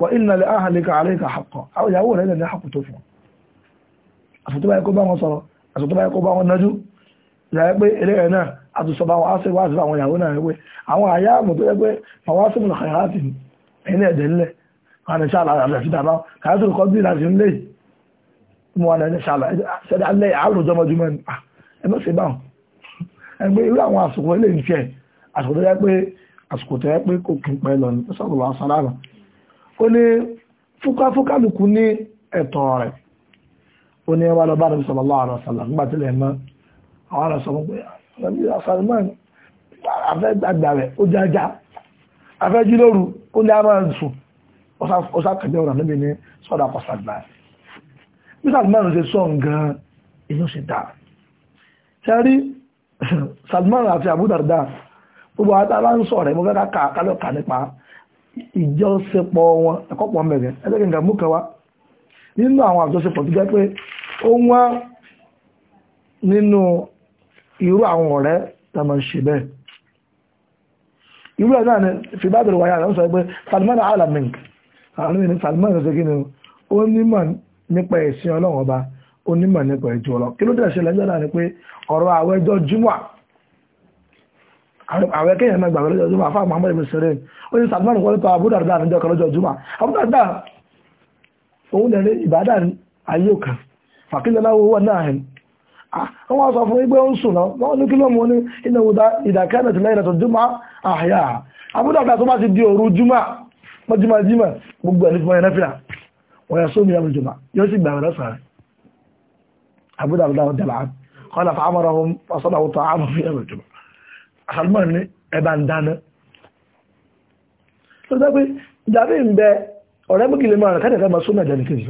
S1: wọ́n iná lè áhàlẹ́kà àríkà àkọ́ àwọn ìyàwó rẹ̀ lẹ́nà àkù tó fún àsọ̀tọ́ báyẹ̀ kó bá wọn sọ̀rọ̀ àsọ̀tọ́ báyẹ̀ kó bá wọn nájú ìyàwó pé eléyẹ̀ náà àtúnṣọba wọn áṣẹ wá àṣẹ àwọn ìyàwó náà rẹ̀ pé àwọn àyà àmọ̀ tó yẹ pé àwọn áṣẹ mọ̀ kàyà láti ẹni ẹ̀dẹ̀ ńlẹ̀ wọn ṣe àlà rẹ̀ fi dàbá kàyà tó kọ́ bí láti ńlẹ̀ mú àsìkò tó yẹ pé kò kí n pẹ́ ní sọ́kùnrin ó ní fúkàfúkàlùkù ní ẹ̀tọ́ rẹ̀ ó ní ẹwà lọ́bàá rẹ̀ sallallahu alaihi wasallam nígbà tí lè mọ́ àwọn ará sọ pé àbí Salman afẹ́gbàgbà rẹ̀ ó jájá afẹ́jí lóru ó ní a máa ń sùn ó sàkàjẹ́ ọ̀rọ̀ níbi ní sọ́dà pàṣàgbà bí Salman ṣe sọ nǹkan èyí ó ṣe dà àti Abu gbogbo àtàlà ń sọ rẹ̀ mo fẹ́ nípa ìjọsepọ̀ wọn ẹ̀kọ́pọ̀ mẹ́rin ẹlẹ́gbẹ̀ẹ́ nǹkan mú kan wá nínú àwọn àjọṣepọ̀ tó jẹ́ pé ó wọ́n nínú irú àwọn ọ̀rẹ́ tàbí ṣe bẹ́ẹ̀ irú ẹ̀ náà ni fìbádìrì wáyà rẹ̀ sọ pé Salman alamink àwọn ènìyàn Salman ṣe ni ó nímọ̀ nípa ẹ̀sìn ọlọ́run ọba ó nímọ̀ nípa ìjọ ọlọ́ kí ló dẹ̀ ṣẹlẹ̀ ń jẹ́ náà ni àwọn ẹkẹ́ yẹn gbàgbọ́ lọ́jọ́ jùmọ̀ àfáà Muhammad ibn Sirin ó ní Salman kọ́ lọ́tọ̀ Abu Darda níjọ́ kan lọ́jọ́ jùmọ̀ Abu Darda òun lẹ́rẹ́ ìbádà ayé òkà fàkílẹ́láwó wọ́n náà hẹn wọ́n sọ fún igbé ń sùn náà wọ́n ní kí ló mú ní iná ìdàkẹ́nà tí lẹ́yìn jùmọ̀ àyà Abu Darda tó bá ti di òru jùmọ̀ mọ́júmọ́ jùmọ̀ gbogbo ẹni fún ẹ̀rẹ́ fìlà wọ́n yà sómi yàmù jùmọ̀ yóò Salman ní ẹba ń dáná tó sọ pé ìdàbí ń bẹ ọ̀rẹ́ méjì lè máa rẹ̀ kẹ́tẹ̀ẹ́ máa súnà jẹ́ni kejì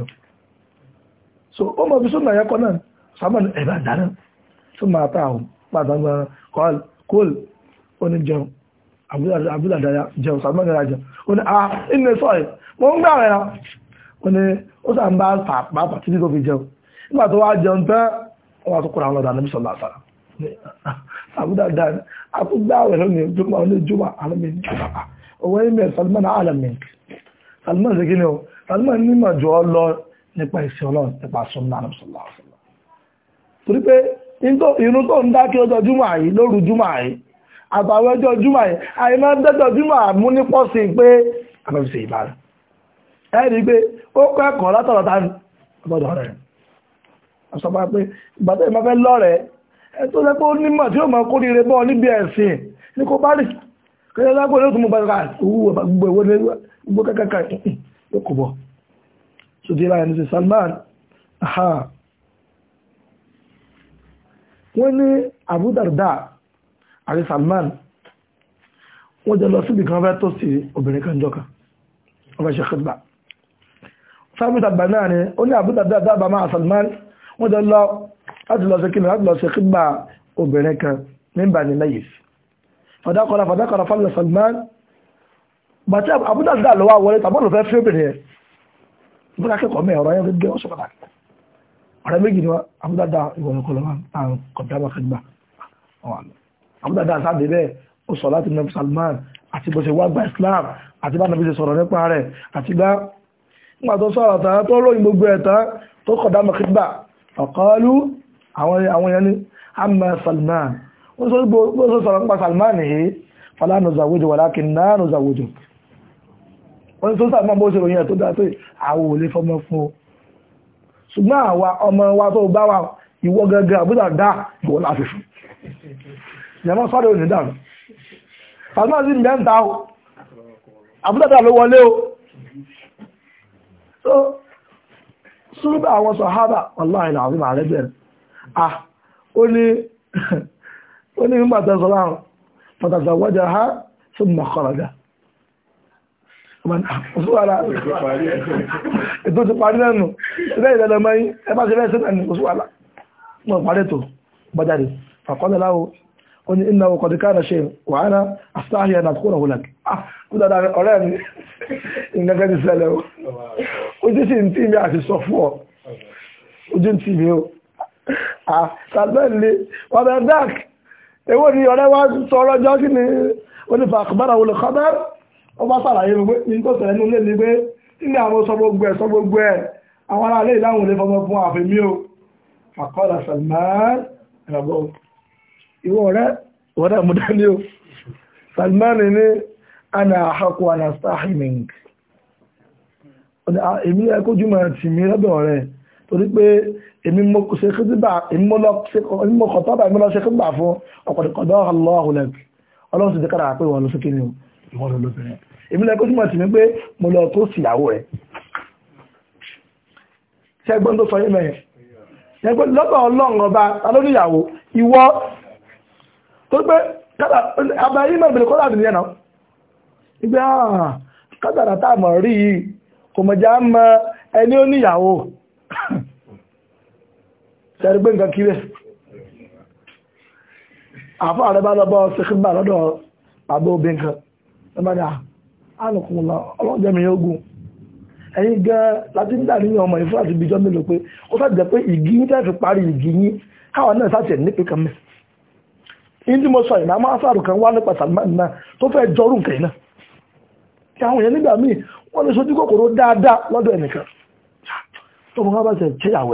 S1: so ó mọ̀ fi súnà yẹn kọ́ náà Salman ní ẹba ń dáná tó máa ta àwọn pàtàkì kọ́ọ̀lù ó ní Salman ní ra jẹun ó ah inú sọ́ọ̀ì mo ń gbà rẹ̀ ó ní ó sàn bá pàápàá títí tó fi jẹun nígbà tó wá jẹun tán wọ́n wá tó kúrò àwọn ọ̀dà ànábì àtúgbàwẹ̀ lónìí jùmọ̀ oníjùmọ̀ àrùnmí jùmọ̀ ah, owó ẹ̀mẹ̀ Salman alamin Salman ṣe kí ni o Salman nímọ̀ jù ọ lọ nípa ìṣẹ́ ọlọ́run nípa sunna àrùnsọ̀lá torí pé irun tó ń dá kí ọjọ́ jùmọ̀ àyí lóru jùmọ̀ àyí àtàwọn ọjọ́ jùmọ̀ àyí àyí máa ń dẹ́jọ́ jùmọ̀ àmú ní pọ́sì pé àbẹ̀fẹ̀ ìbára ẹ̀rí pé ó kọ́ ẹ̀kọ́ látọ̀rọ̀ ta ni ọgbọ́dọ̀ rẹ̀ ẹ tó lẹ́pẹ́ ó nímọ̀ tí ó mọ̀ kó rire bọ́ níbi ẹ̀sìn ní kó bá rí kẹ́lẹ́ lágbó ló tún mú bàtà owó gbogbo ìwé ní gbogbo kẹ́kẹ́kẹ́ yóò kò bọ̀ so ti Salman aha wọ́n Abu Darda àti Salman wọ́n jẹ lọ síbi kan fẹ́ tó sí obìnrin kan jọ kan wọ́n fẹ́ ṣe kẹ́gbà sábìtàgbà náà ni ó ní Abu Darda máa Salman wọ́n jẹ lọ láti lọ sí kí láti lọ sí kígbà obìnrin kan nígbà ní lẹ́yìn fàdákọ̀ọ́ra fàdákọ̀ọ́ra fàlẹ̀ Salman bàtí àbúdá dà lọ́wọ́ wọlé tàbí olùfẹ́ fi obìnrin yẹn ìbúra akẹ́kọ̀ọ́ mẹ́ ọ̀rọ̀ yẹn fi gbé ọ̀ṣọ́ pàtàkì ọ̀rẹ́ méjì ni àbúdá dà ìwọ̀n kọlọ́ máa ń kọ̀dá máa fi gbà àbúdá dà Salman àti bó ṣe wá gba Islam àti bá nàbí ṣe sọ̀rọ̀ nípa rẹ̀ àti bá nígbà tó sọ̀rọ̀ tán tó lóyìn gbogbo ẹ̀ tó kọ̀dá máa fi àwọn èèyàn ní amma Salman ó sọ bó sọ sọ̀rọ̀ nípa Salman yìí fala nuzawwiju walakinna nuzawwijuk wọ́n tó Salman bó ṣe ròyìn ẹ̀ tó dáa tó àwọn ò lè fọmọ fún o ṣùgbọ́n àwa ọmọ wa tó bá wa ìwọ gẹ́gẹ́ àbúdà dá ìwọ láti fún ìyàmọ́ sọ́dọ̀ òní dànù ah ó ní ó ní nígbà tó láàrùn pàtàkì àwọ́jà ha sí mọ̀ kọ̀rọ̀jà ètò ti parí lẹ́nu ilé ìrẹ́lẹ̀ mẹ́yìn ẹbá ti rẹ́sí lẹ́nu òṣùwàlá mọ̀ parí tó bọ́jáde fàkọ́lẹ̀ láwọ́ ó ní iná ọkọ̀ díkára ṣe wàhánà àṣáhìyà náà kúrò hùlẹ̀ kúdàdà ọ̀rẹ́ mi ìgbẹ́gẹ́ ti ṣẹlẹ̀ ojú sí ti mi àti sọ fún ọ ojú ti mi o àtàlẹ́lẹ́ ọ̀rẹ́ dark ewé ni ọ̀rẹ́ wá sọ ọlọ́jọ́ kí ni ó ní fàkùbára wọlé kọ́dá ó bá sàlàyé mi pé ní tó sẹ̀rẹ̀ nílé ni pé nílé àwọn sọ gbogbo ẹ̀ sọ gbogbo ẹ̀ àwọn ará ilé ìdáhùn lè fọmọ fún àfẹ́ o fàkọ́lá Salman ẹ̀rọ̀gbọ́ èmi mo ṣe kíndìbà èmi mo kọ̀tọ́bà èmi lọ ṣe kíndìbà fún ọ̀pọ̀dọ̀kọ̀dọ̀ Allahu lak ọlọ́run ti dẹ́kára pé ìwọ̀n ló sókè ní ìwọ̀n lóbìnrin èmi lẹ́kọ́ sí mọ̀tí pé mo lọ tó síyàwó rẹ̀ ṣẹ́gbọ́n tó sọ yé mẹ́yẹn ṣẹ́gbọ́n lọ́gbà ọlọ́run ọba alórí ìyàwó ìwọ tó pé abayé náà bèrè kọ́lá àdìyẹ náà ìgbé ah, kádàrà táàmù rí kò mọ̀já mọ ẹni ó níyàwó sẹ́rí pé nǹkan kílẹ̀ àfọ́ ààrẹ bá lọ́bọ́ sẹ́kínbà lọ́dọ̀ ah, ọlọ́jẹ́mi ogun ọmọ ìfún àti ìbíjọ́ mélòó pé ó sàjẹ́ pé ìgì parí ìgì náà nípe kan mẹ́ mo sọ kan wá nípa Salman náà tó fẹ́ jọrù nǹkan kí àwọn èèyàn nígbà míì wọ́n lè sojú kòkòrò dáadáa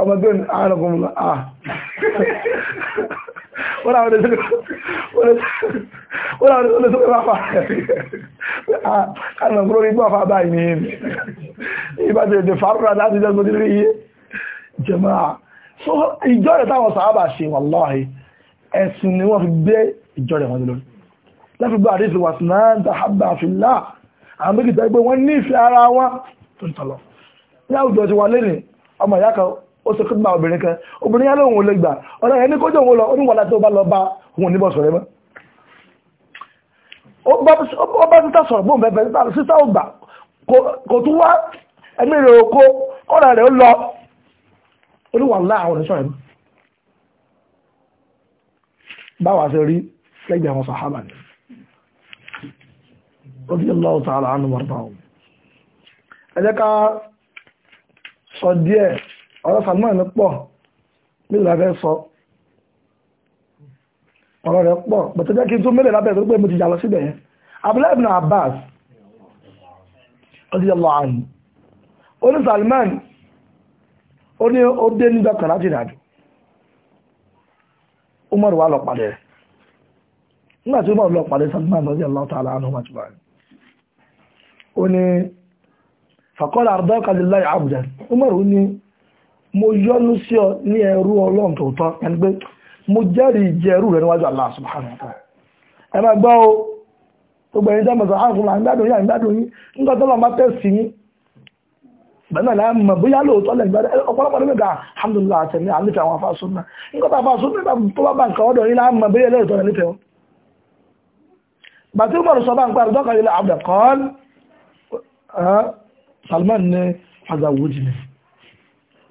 S1: ọmọdé ní àárọ̀kùn mọ́ à wọ́n àwọn olóṣèlú bá fà àwọn ọmọdé gbọ́ fà báyìí ní ẹni ìbá ti èdè fàárọ̀ láti jẹ́ gbọ́dí rí iye jẹmọ́ à so ìjọ rẹ̀ táwọn sàábà ṣe wàláhì ẹ̀sìn ni wọ́n fi gbé ìjọ rẹ̀ wọ́n lórí láti gbọ́ àdéṣe wà sí náà tàbí àfìlà àwọn méjì tẹ́gbẹ́ wọ́n nífẹ̀ẹ́ ara wọn tó ń tọ̀lọ̀ ní àwùjọ ti wà lẹ́nìí ọmọ ìyá kan ó sọ kí n bá obìnrin kan obìnrin yá lóhun ò lè gbà ọ̀rẹ́ ẹni kójú òun lọ oníwàlá tó bá lọ bá òun níbọ̀ sọ̀rẹ́ mọ́ ó bá títà sọ̀rọ̀ bóun bẹ̀rẹ̀ títà títà ó gbà kò tún wá ẹni rẹ̀ oko ọ̀rẹ́ rẹ̀ ó lọ oníwàlá àwọn ìṣọ̀rẹ́ mọ́ báwa ṣe rí lẹ́gbẹ̀ẹ́ àwọn sàhábà ni radiyallahu ta'ala anhu sọ díẹ̀ ọ̀rọ̀ Salman pọ̀ mélòó la fẹ́ sọ ọ̀rọ̀ rẹ̀ pọ̀ bẹ̀tẹ̀ jẹ́ kí n tún mélòó lábẹ́ ìtọ́jú pé mo ti jà lọ síbẹ̀ yẹn Abdullahi ibn Abbas radiyallahu anhu ó ní Salman ó ní ó dé níjọ kan láti ìrìnàjò Umar wá lọ pàdé rẹ̀ nígbà tí Umar Umar ó ní mo yọ́nú sí ọ ní ẹrú ọlọ́run tòótọ́ ẹni pé mo jẹ́rìí jẹ́rú rẹ̀ níwájú Allah subhanahu wa ta'ala ẹ máa gbọ́ o gbogbo ẹni dámọ̀ sọ ààfún ah, àwọn ìgbádùn yà ìgbádùn yìí nígbà tó lọ máa tẹ̀ sí yín bẹ́ẹ̀ náà láàmà bóyá lóòótọ́ lẹ̀ ìgbádùn ọ̀pọ̀lọpọ̀ ló gbà alhamdulillah àtẹ̀mí àlùfẹ́ àwọn afásun náà nígbà tó afásun nígbà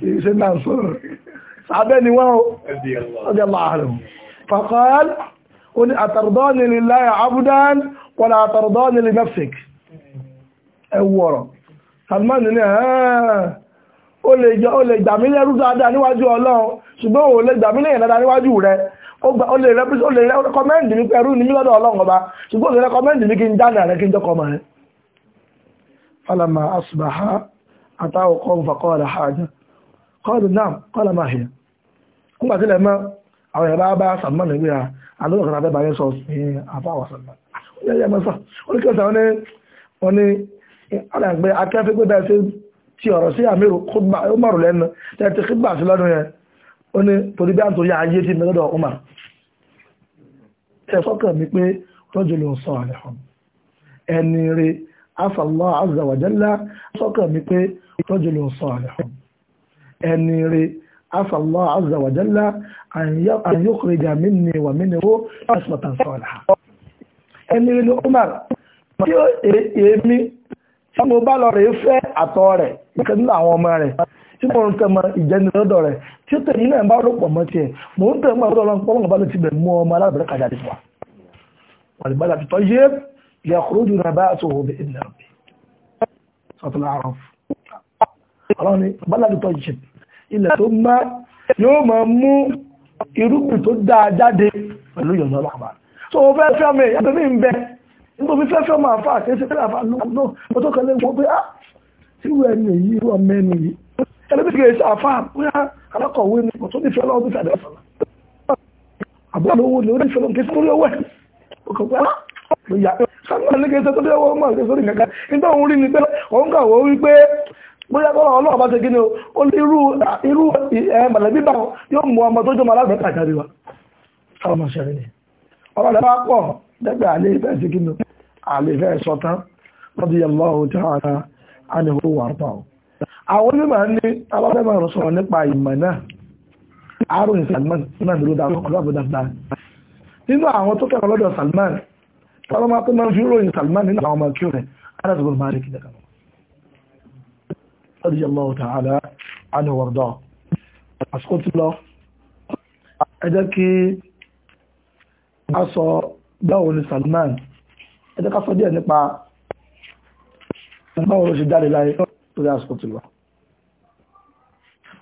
S1: kìí ṣe náà sọ́rọ̀ sàbẹ́ ni wọ́n ọjọ́ láàrin fàkọ́l ó ní àtàrdọ́ni lillahi abúdán wọ́n àtàrdọ́ni li nafsik ẹwọ̀rọ̀ Salman ní ó lè gbàmí lẹ́rú dáadáa níwájú Ọlọ́run ṣùgbọ́n ó lè gbàmí lẹ́yìn dáadáa níwájú rẹ̀ ó lè rẹ́kọ́mẹ́ndì ní pẹ̀rú ní mílọ́dọ̀ Ọlọ́run ọba ṣùgbọ́n ó lè rẹ́kọ́mẹ́ndì ní kí n dáná rẹ̀ kí n jọ́kọ́ mọ̀ rẹ̀ falama asbaha àtàwọn kan kọ́ọ̀lù náà kọ́ọ̀lù máa hìyà kúgbà sílẹ̀ mọ́ àwọn ìyàbá bá sàmánà ìwé à alóòkàn abẹ́ bá yẹn sọ ní àfáwà sàmánà ó yẹ yẹmọ sọ oríkèsà wọn ni wọn ni alàgbẹ akẹ́fẹ́ pé bẹ́ẹ̀ sí ti ọ̀rọ̀ sí àmì Umaru lẹ́nu tẹ́tí kígbà sí lọ́dún yẹn ó ní torí bí àtúnyà ayé ti mẹ́lọ́dọ̀ Umar ẹ fọ́kàn mi pé rọ́jò ló sọ ẹni rí asàlọ́ azza wa mi pé rọ́jò ló sọ àlẹ́hàn ẹni rẹ̀ afàlọ́ azàwàjálá àyọkùnrinjà mínú wà mínú ó lọ́sọ̀tàn sọ̀rọ̀ ẹni rẹ̀ ló Umar tí ó e, èémí tí mo bá lọ rẹ̀ fẹ́ àtọ̀ rẹ̀ níkan nínú àwọn ọmọ rẹ̀ tí mo ń tẹ̀mọ ìjẹnilọ́dọ̀ rẹ̀ tí ó tẹ̀yìn náà bá rọ̀pọ̀ mọ́ tiẹ̀ mo ń tẹ̀mọ ọ̀dọ́ ọlọ́run pọ́nmọ́ sọ́tún láàárọ̀ ọlọ́run ní bálàdùtọ̀ jì ilẹ̀ tó má yóò máa mú irúgbìn tó dáa jáde pẹ̀lú yọ̀nà làbà so o fẹ́ fẹ́ ọmọ èèyàn tó ní ń bẹ nítorí fẹ́ fẹ́ ọmọ àfà àti ẹsẹ̀ àfà lọ́nà mo tó kẹlẹ́ wọ́n pé á ah, tí wọ́n ẹni èyí wọ́n mẹ́nu yìí ẹlẹ́bí kìí ṣe àfà bóyá alákọ̀wé ni mo tó nífẹ̀ẹ́ lọ́wọ́ bí fẹ́ẹ́ lọ́sọ̀rọ̀ àbúrò lówó ni ó nífẹ̀ẹ́ lọ́wọ́ bóyá tọ́lọ̀ ọlọ́ọ̀bá ṣe gíní o irú mọ̀lẹ́bí bá yóò mú ọmọ tó jọmọ alábẹ́ta jáde wa ọmọ ṣẹlẹ̀ ni ọ̀rọ̀ rẹ̀ bá pọ̀ dẹ́gbẹ̀ àlè ìfẹ́ sí gíní àlè ìfẹ́ sọ́tán lọ́dí yẹlọ́wọ́ tí ara anìhó wà pa o àwọn onímọ̀ ní alábẹ́mọ̀ rẹ̀ sọ̀rọ̀ nípa ìmọ̀ náà arun Salman náà dúró dáadáa nínú àwọn tó kẹ́kọ̀ọ́ lọ́dọ̀ Salman tọ́lọ́mọ́ tó ọmọ kí rẹ̀ adásùgbọ̀n máa rí kí radiyallahu ta'ala anhu warda àsìkò tí lọ ẹ jẹ́ kí a sọ báwo ni Salman ẹ jẹ́ ká sọ díẹ̀ nípa báwo ló ṣe jáde láyé lórí àsìkò tí lọ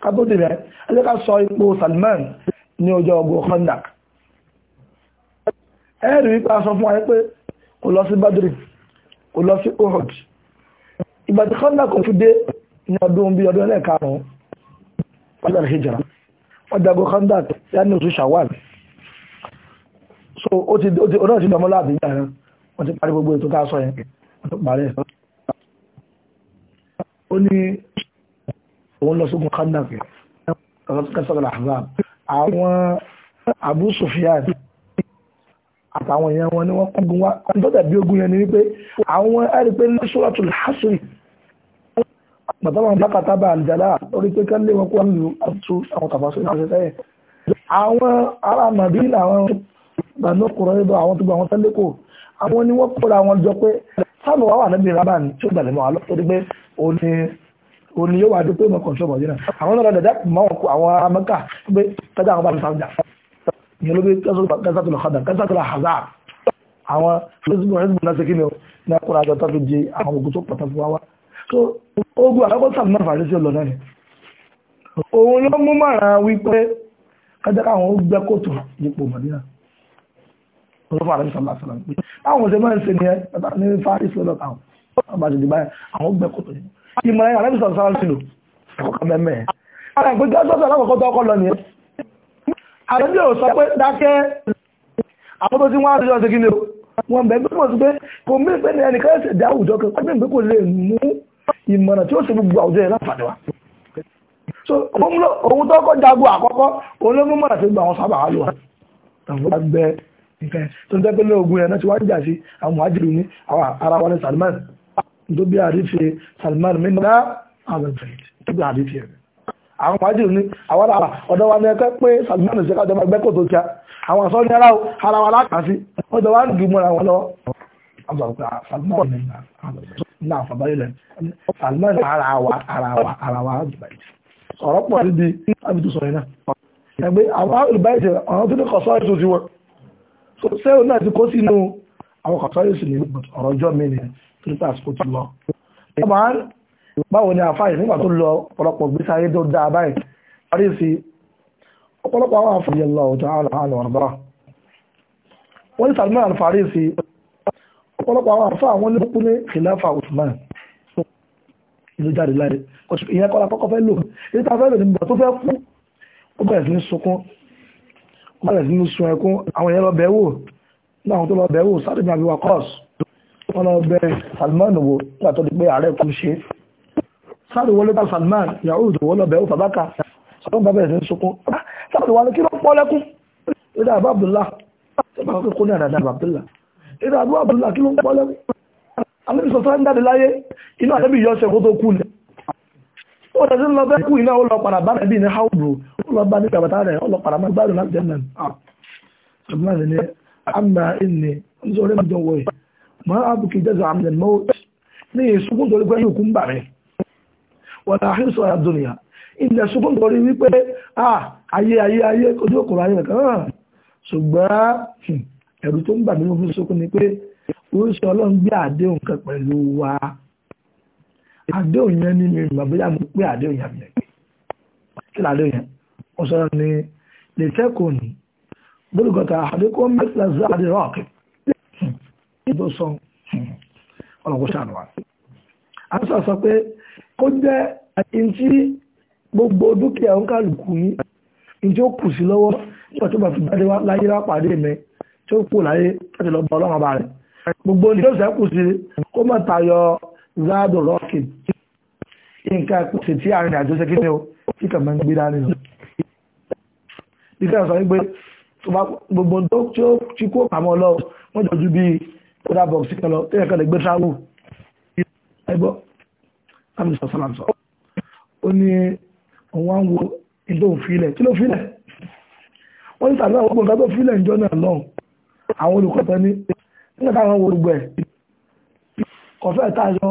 S1: ká tó dìrẹ́ ẹ jẹ́ ká sọ ipò Salman ní ọjọ́ ogun Khandak ẹ̀rì wípé a sọ fún ayé pé kò lọ sí Badri kò lọ sí Uhud ìgbàtí Khandak kò fi dé ní ọdún bí ọdún ẹlẹ́ẹ̀karùn-ún wàlúwàlú hijra wọ́n dago khandak yánni oṣù shawal so ó ti ọdún ọ̀sìn ọmọlá àbí ìyá rẹ̀ wọ́n ti parí gbogbo ètò tá a sọ yẹn wọ́n ti parí ẹ̀ ó ní òun lọ sógun khandak kẹsàn-án ahzab bàtàwọn bákàtà bá àjàlá lórí pé kẹ́lẹ́ wọn kó ń lu àtúntò àwọn tàbásó náà ṣe sẹ́yìn àwọn ará màbí làwọn bàánú kúrò ẹ̀dọ àwọn tó gba àwọn tẹ́lẹ̀ kò àwọn ni wọ́n kóra wọn jọ pé sáàbù wà wà níbi ìrábà tí ó gbàlẹ̀ mọ́ àlọ́ torí pé òní òní yóò wà dé pé mo kàn ṣọ́bọ̀ yìí náà àwọn náà dàdá mọ́ àwọn ará mẹ́kà pé tẹ́jà àwọn bá mi sáwọ́jà ìyẹn ló bí kẹ́sàtúlọ̀ kọ́dà kẹ́sàtúlọ̀ hazard àwọn fẹ́sibú náà ṣe kí ni ó ní akọ́ra àjọ tó fi di àwọn ogun tó pàtàkì wá wá so ogun àkọ́kọ́ tàbí náà fàájú sí ọlọ́dá ni òun ló mú màrà wípé kájáká àwọn ó gbẹ́ kòtò yípo mọ̀dínà olófà àrẹ́bí sàmà sàmà pé àwọn òṣèlú máa ń ṣe nìyẹn bàtà ní fárí sí ọlọ́ta àwọn ọba jù dìbáyà àwọn ó gbẹ́ kòtò yìí ìmọ̀ ẹ̀yà àrẹ́bí sàmà sàmà sílò àkọ́kọ́ mẹ́mẹ́ ẹ̀ ara ìpé gásọ́sọ̀ alákọ̀ọ́kọ́ tó ọkọ̀ lọ nìyẹn àrẹ́bí ò sọ pé dákẹ́ àwọn tó ti wọ́n á rí ọ̀sẹ̀ kí ni o wọ́n bẹ̀ẹ́ gbẹ́mọ̀ sí pé kò mí pé ẹnìkan ẹ̀sẹ̀ dá àwùjọ kan pẹ́ ìmọ̀ràn tí ó sì gbogbo àwùjọ yẹn láǹfààní wa so ohun tó kọ́ jago àkọ́kọ́ olómúmọ̀ràn tí gbogbo àwọn sábà wà lọ́wọ́ àwọn agbẹ nǹkan tó ń tẹ́ pé ní ogun yẹn náà ti wá jà sí àwọn muhajiru ní àwọn ara wa Salman tó bí àrífẹ́ Salman mi ní àwọn ìfẹ̀yìntì tó bí àrífẹ́ rẹ̀ àwọn pàájìrì ní àwọn ara ọ̀dọ̀ wa ní ẹgbẹ́ pé sàgbọ́n ìṣẹ́ kájọba ẹgbẹ́ kò tó kíá àwọn náà fàbáyé lẹ Salman ara wa ara wa ara wa alùbáyé ọ̀rọ̀ pọ̀ níbi abidu sọ̀rọ̀ náà ẹgbẹ́ àwọn alùbáyé tẹ ọ̀rọ̀ tó ní kọ̀sọ́ ètò ti wọ̀ so sẹ́wọ̀n náà ti kó sínú àwọn kọ̀sọ́ ètò ní ọ̀rọ̀ ọjọ́ mi ni tó ní pàṣípò ti lọ. báwo ni àfáàyè nígbà Salman al-Farisi ọ̀pọ̀lọpọ̀ àwọn àfáà àwọn olóòpó ní khilafa Usman ìlú jáde láre ìyẹn kọ́lá kọ́kọ́ fẹ́ lò èyí tá a fẹ́ lò nígbà tó fẹ́ kú ó bẹ̀rẹ̀ sí ní sunkún ó bẹ̀rẹ̀ sí ní sun ẹkún àwọn èèyàn lọ bẹ̀ wò ní àwọn tó lọ bẹ̀ wò sáré ní àbíwá kọ́ọ̀sì wọn lọ bẹ̀ Salman wò nígbà tó di pé ààrẹ kú ṣe sáré wọlé bá Salman ìyàwó ìdòwò lọ wò fàbákà sọ́dún bá bẹ̀rẹ̀ sí ní sunkún ah, sáré wọlé kí ló pọ́ lẹ́kún ó dà bá Abdullah ìdá àbúrò àbúrò kí ló ń pọ́ lẹ́wọ́ alẹ́bí sọ sáré ń jáde láyé inú àlẹ́bí yọ ṣe kó tó kú lẹ̀ ó tẹ̀sí lọ fẹ́ kú iná ó lọ padà bá rẹ̀ bí ní haudu ó lọ bá ní kàbàtà rẹ̀ ó lọ padà má gbádùn láti jẹ́nà ṣùgbọ́n àti ní àmà ìní nítorí má jọ wọ̀nyí má àbùkì jẹ́sà àmì mọ́ ní ìsúkún torí pé ṣùgbọ́n hmm, ẹ̀rù tó ń gbà nínú fún sókún ni pé oríṣi ọlọ́run gbé àdéhùn kan pẹ̀lú wa àdéhùn yẹn ní mi ìmọ̀ bóyá mo pé àdéhùn yẹn mi kí làdéhùn yẹn ó sọ ni lè tẹ́kọ̀ọ́ ni bólúgọ́ta àdékọ́ mẹ́tìlá záàdì rọ́ọ̀kì ìbò sọ ọlọ́kọ́ sànù wa. a sọ sọ pé kó jẹ́ ìntí gbogbo dúkìá ń ó kù sí lọ́wọ́ nígbà tí ó kú láyé láti lọ bọ ọlọ́run ọba rẹ̀ gbogbo ní ìjọsẹ̀ kù sí kó mọ̀ tayọ zádò rọ́ọ̀kì nǹkan kù sí tí àárín àjọṣe kí ni o tí kàn máa ń gbé dání lọ. ìkẹ́yọ̀ sọ wípé gbogbo tó tí ó ti kó pamọ́ lọ wọ́n jọ ju bíi kódà bọ́ọ̀sì kan lọ tó yẹ kan lè gbé travel ẹgbọ́ àmì sọ̀sọ́lá sọ ó ní òun wá ń wo ìdóhùn fílẹ̀ kí ló fílẹ̀ wọ́n ní tàbí àwọn ọgbọ̀n ká tó fílẹ̀ ìjọ náà náà àwọn olùkọ́tọ́ ní nígbà táwọn wo gbogbo ẹ̀ kọfẹ́ tààjọ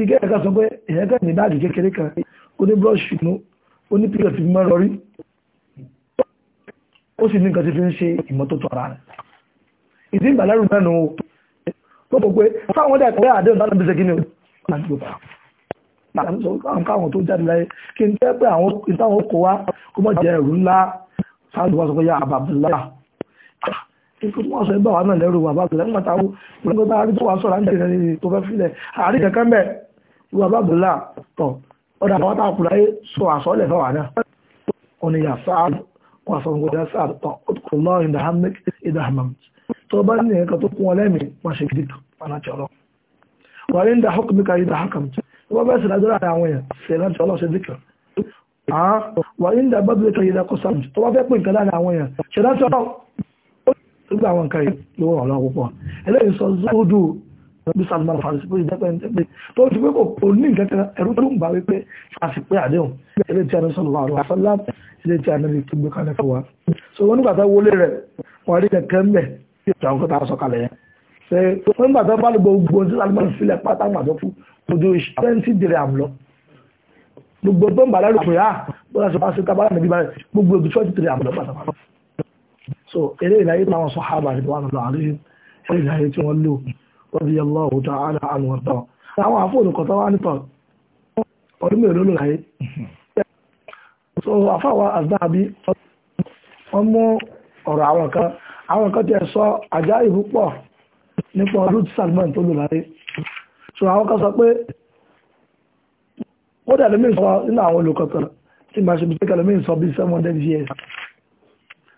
S1: ike ẹ̀ka sọ pé ìyẹ́kẹ́ ní báàgì kékeré kan ó ní búrọ́ọ̀ṣì inú ó ní pílọ̀ ti fi mọ́ rọrí ó sì ní nǹkan ti fi ń ṣe ìmọ́tótó ara rẹ̀ ìdí ìgbàlẹ́rù náà nù ó tó pé fáwọn dẹ̀ kọ́wé àdéhùn tánà bíṣe kíni ó káwọn tó jáde láyé kí n tẹ́ pé àwọn ìtàwọn kò wá kó mọ̀ jẹ́ ẹ̀rù ńlá sáà ikú tí wọ́n sọ ẹgbẹ́ wa náà lẹ́rù wà bá bẹ̀rẹ̀ nígbà táwọn olóńgbò bá rí tó wà sọ̀rọ̀ àǹtí rẹ̀ tó fẹ́ filẹ̀ àárín kankan bẹ̀ ìwà bá bẹ̀rẹ̀ tọ̀ ọ̀dà àwọn táwọn kùnà sọ àsọ̀lẹ̀ fáwọn náà ọ̀nà ìyá sáà wà sọ̀rọ̀ gbọ́dọ̀ sáà tọ̀ kò lọ́ ìdá hamid ìdá hamam tó bá ní ẹ̀ka tó kún ọ lẹ́mì wọ́n ṣe gidi pàlàtì ọlọ́ wà ní ìdá hókùnmí ka ìdá hakam wọ́n bẹ́ẹ̀ sì lájọ́ láàrin àwọn èèyàn sì gbogbo àwọn nǹkan yóò rọ̀ lọ́wọ́ púpọ̀ ẹlẹ́yìn sọ zúdù bí salman farisi pé ìjẹ́pẹ́ ìjẹ́pẹ́ tó ti pé kò ní ìjẹ́pẹ́ ẹ̀rú tó ń bá wípé àti pé àdéhùn ilé tí a ní sọ̀rọ̀ àwọn àfẹ́lá so wọ́n nígbà tó wọlé rẹ̀ wọ́n rí kẹ̀kẹ́ ń bẹ̀ tí àwọn kọ́ta sọ kalẹ̀ yẹn ṣe wọ́n nígbà tó bá lè gbogbo tí salman filẹ̀ pátá màdó fún ojú twenty dèrè àmlọ gbogbo tó ń bà lẹ́rù pé ah bọ́lá ṣe bá ṣe tábàlà níbi báyìí gbogbo ojú twenty dèrè àmlọ pátápátá so eré ìlàyé táwọn sàhábà rẹ̀ wà lọ́dọ̀ àrí eré ìlàyé tí wọ́n lò radiyallahu ta'ala anhu ọ̀tọ̀ àwọn àfọ̀nùkọ̀tọ̀ wà nítọ̀ ọdún mélòó láyé so àfáwà àzáàbí wọ́n mú ọ̀rọ̀ àwọn kan àwọn kan tí ẹ sọ àjá ìlú pọ̀ nípa ọdún Salman tó lò láyé so àwọn kan sọ pé ó dẹ̀ lómi sọ nínú àwọn olùkọ̀tọ̀ tí màá ṣe bí pé sọ bí seven hundred years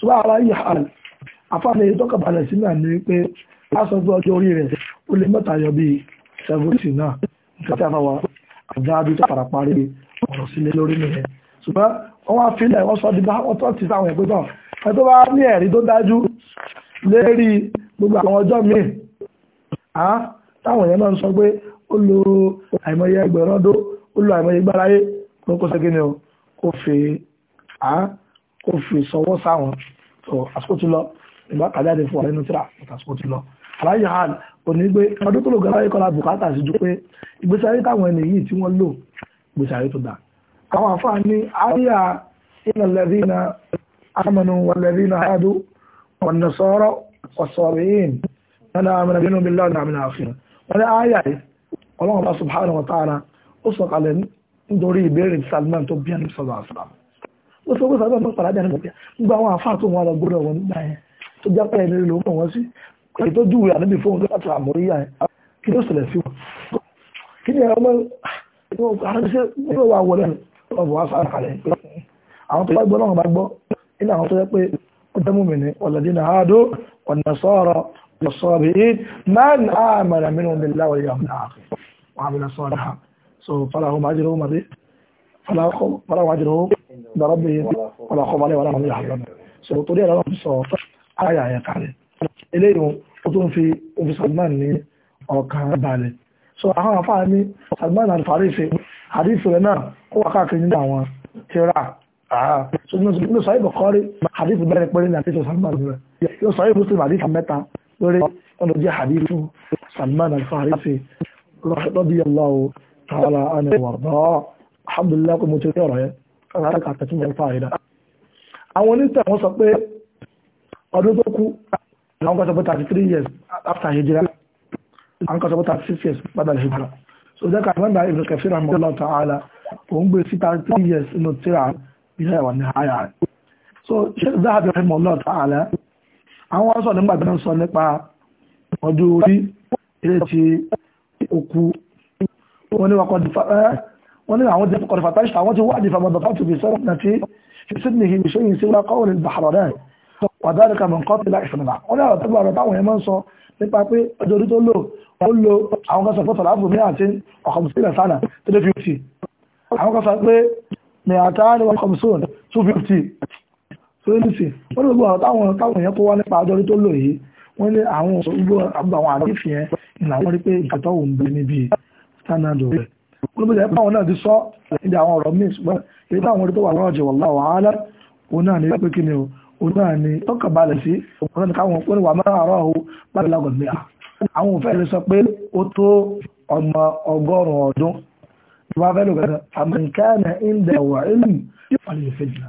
S1: ṣùgbọ́n ara yìí hàn àfáàlẹ̀ yìí tọ́ka balẹ̀ sí náà ni wípé a sọ pé ọjọ́ orí rẹ̀ ó lé mẹ́ta yọ bíi seventy náà nǹkan tí a fáwa àdáàbí tó fara parí ọ̀rọ̀ sílé lórí nìyẹn ṣùgbọ́n wọ́n wá fílẹ̀ wọ́n sọ di bá wọ́n tọ́ ti sáwọn ẹ̀gbẹ́ náà ẹ tó bá ní ẹ̀rí tó dájú lérí gbogbo àwọn ọjọ́ míì á táwọn èèyàn náà ń sọ pé ó lo àìmọye ẹgbẹ̀rún ọdún ó lo àìmọye gbáráyé kó kó ṣe kí ni o kó fi á kó fi sọwọ́ sáwọn so àsìkò ti lọ ìgbà kàjáde fún ọ̀rẹ́nu tíra àsìkò ti lọ aláyé hàn òní gbé ọdún tó lò gan láyé kọ́lá bùkátà sí ju pé ìgbésí ayé táwọn ẹni yìí tí wọ́n lò ìgbésí ayé tó dà àwọn àfáà ní àríyá iná lẹ́rí na amanu wà lẹ́rí na hadu wà ní sọ́rọ̀ bá subhanahu wa ta'ala ó sọ̀kalẹ̀ nítorí ìbéèrè Salman tó bí ẹni sọ̀rọ̀ àsìlámù ó sọ pé sábà mọ́ pàdádà nínú pé gbogbo àwọn àfáà tó wọn lọ gbúdọ̀ wọn nígbà yẹn tó já pẹ́ ìrírí ló mọ̀ wọ́n sí èyí tó júwèé àníbi fóun láti àmóríyá yẹn kí ló ṣẹlẹ̀ sí wọn kí ni ọmọ àrẹ́sẹ̀ gbọ́dọ̀ wà wọlé ọ̀bọ̀ wá sára kalẹ̀ pé àwọn tó bá gbọ́ náà bá gbọ́ nínú àwọn tó yẹ pé ó jẹ́ múmi ní ọ̀làdín náà àádó ọ̀nà sọ̀rọ̀ ọ̀sọ̀bìín so fọláhùn májèrè ó mọ̀ bí fọláhùn بربه ولا خوف عليه ولا هم يحزنون سو طريقه لو سو آية آية كالẹ̀ eléyìí ó tún fi ó fi Salman ní ọkàn balẹ̀ so àwọn afáà ní Salman al-Farisi hadith rẹ̀ náà ó wà káàkiri nínú àwọn tíra so nínú sọ ìbọ̀kọ́rí hadith bẹ̀rẹ̀ pẹ̀lú ní àti sọ Salman rẹ̀ yóò sọ Muslim hadith mẹ́ta lórí ọ̀nà jẹ́ hadith Salman al-Farisi radiyallahu ta'ala anhu warda alhamdulillah kò mú ti rí ọ̀rọ̀ yẹn àràkà tẹ̀tí mẹ́rin fàáyìdá àwọn oníṣẹ́ wọ́n sọ pé ọdún tó kú àwọn kan 33 years after hijira àwọn kan 36 years padà hijira so jẹ́ ká mẹ́ta Ibn Kathir rahimahullah ta'ala òun gbé sí 33 years inú tíra ìyá ìwà ní àyà rẹ̀ so Sheikh Zahabi rahimahullah ta'ala àwọn sọ nígbà tí wọ́n sọ nípa ọdún orí ilé ti òkú wọ́n ní wakọ̀ wọ́n ní àwọn jẹ́fẹ́ kọ̀rọ̀fà tàbí àwọn tí wádìí fàmọ́dọ̀ fàtí fi sọ́rọ̀ náà tí ṣíṣídìí hìí ṣe yìí síwá kọ́wọ́n ìbàhàrọ̀dẹ́ wàdáríkà mọ̀ nǹkan tìlá ìfìnlá wọ́n ní àwọn tó gbà táwọn ẹmọ́ ń sọ nípa pé ọjọ́ orí tó lò ó lo àwọn kan sọ pé tọ̀láfù ní àti ọkọ̀mùsílẹ̀ sánà tó lé fifty àwọn kan sọ pé ní àtà ní wọn kọ̀mùsùn two fifty tó lé sí wọ́n ní gbogbo àwọn táwọn táwọn èèyàn kó wá nípa ọjọ́ orí tó lò yìí wọ́n ní àwọn gbogbo àwọn àdífìyẹn ìlànà wọn rí pé ìkàtọ́ òun bẹ níbi standard rẹ̀ olùbẹ̀jẹ̀ báwọn náà ti sọ níbi àwọn ọ̀rọ̀ míì ṣùgbọ́n èyí táwọn orí tó wà lọ́rọ̀ jẹ̀ wọ́n láwọ̀ ààlẹ́ òun náà ni pé kí ni o òun náà ni ó kàn balẹ̀ sí òun náà káwọn ó ní wà máa rọ̀ ọ́ láti lágọ̀ mí à àwọn òfẹ́ rẹ̀ sọ pé ó tó ọmọ ọgọ́rùn-ún ọdún ìwà fẹ́ lò kẹta àmọ̀nkẹ́ni ìndẹ̀ wà ìlú ìfàlẹ́fẹ́ jìnnà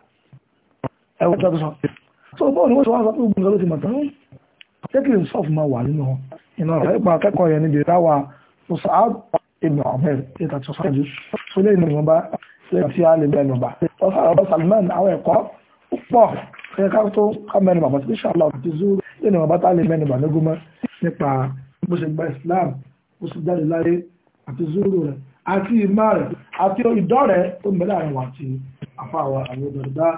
S1: ẹwọ́n tó sọ so bọ́ọ̀ ni wọ́n sọ wá sọ pé ogun ló ti mọ̀ tán jẹ́kìlì sọ́ọ̀f máa wà nínú iná rẹ̀ ipa akẹ́kọ̀ọ́ yẹn níbi táwa musaad ibn ahmed ètò àti ọ̀sán ìjú tó lè ní ìwọ̀nba lẹ́yìn tí a lè bẹ́ẹ̀ lọ́ba ọ̀sán ọ̀bọ̀ salman àwọn ẹ̀kọ́ pọ̀ fẹ́ ká tó ká mẹ́nu bàbá tí sàlọ̀ ti zú lẹ́nu bàbá tá lè mẹ́nu bàbá gómọ́ nípa bó ṣe gba islam bó ṣe jáde láyé àti zúrù rẹ̀ àti ìmá rẹ̀ àti ìdọ́ rẹ̀ tó mẹ́lẹ̀ àwọn àti àfáwà àwọn ọ̀dọ̀dá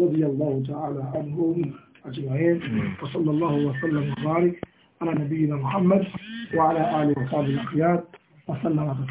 S1: رضي الله تعالى عنهم أجمعين وصلى الله وسلم وبارك على نبينا محمد وعلى آله وصحبه الأخيار وسلم تسليما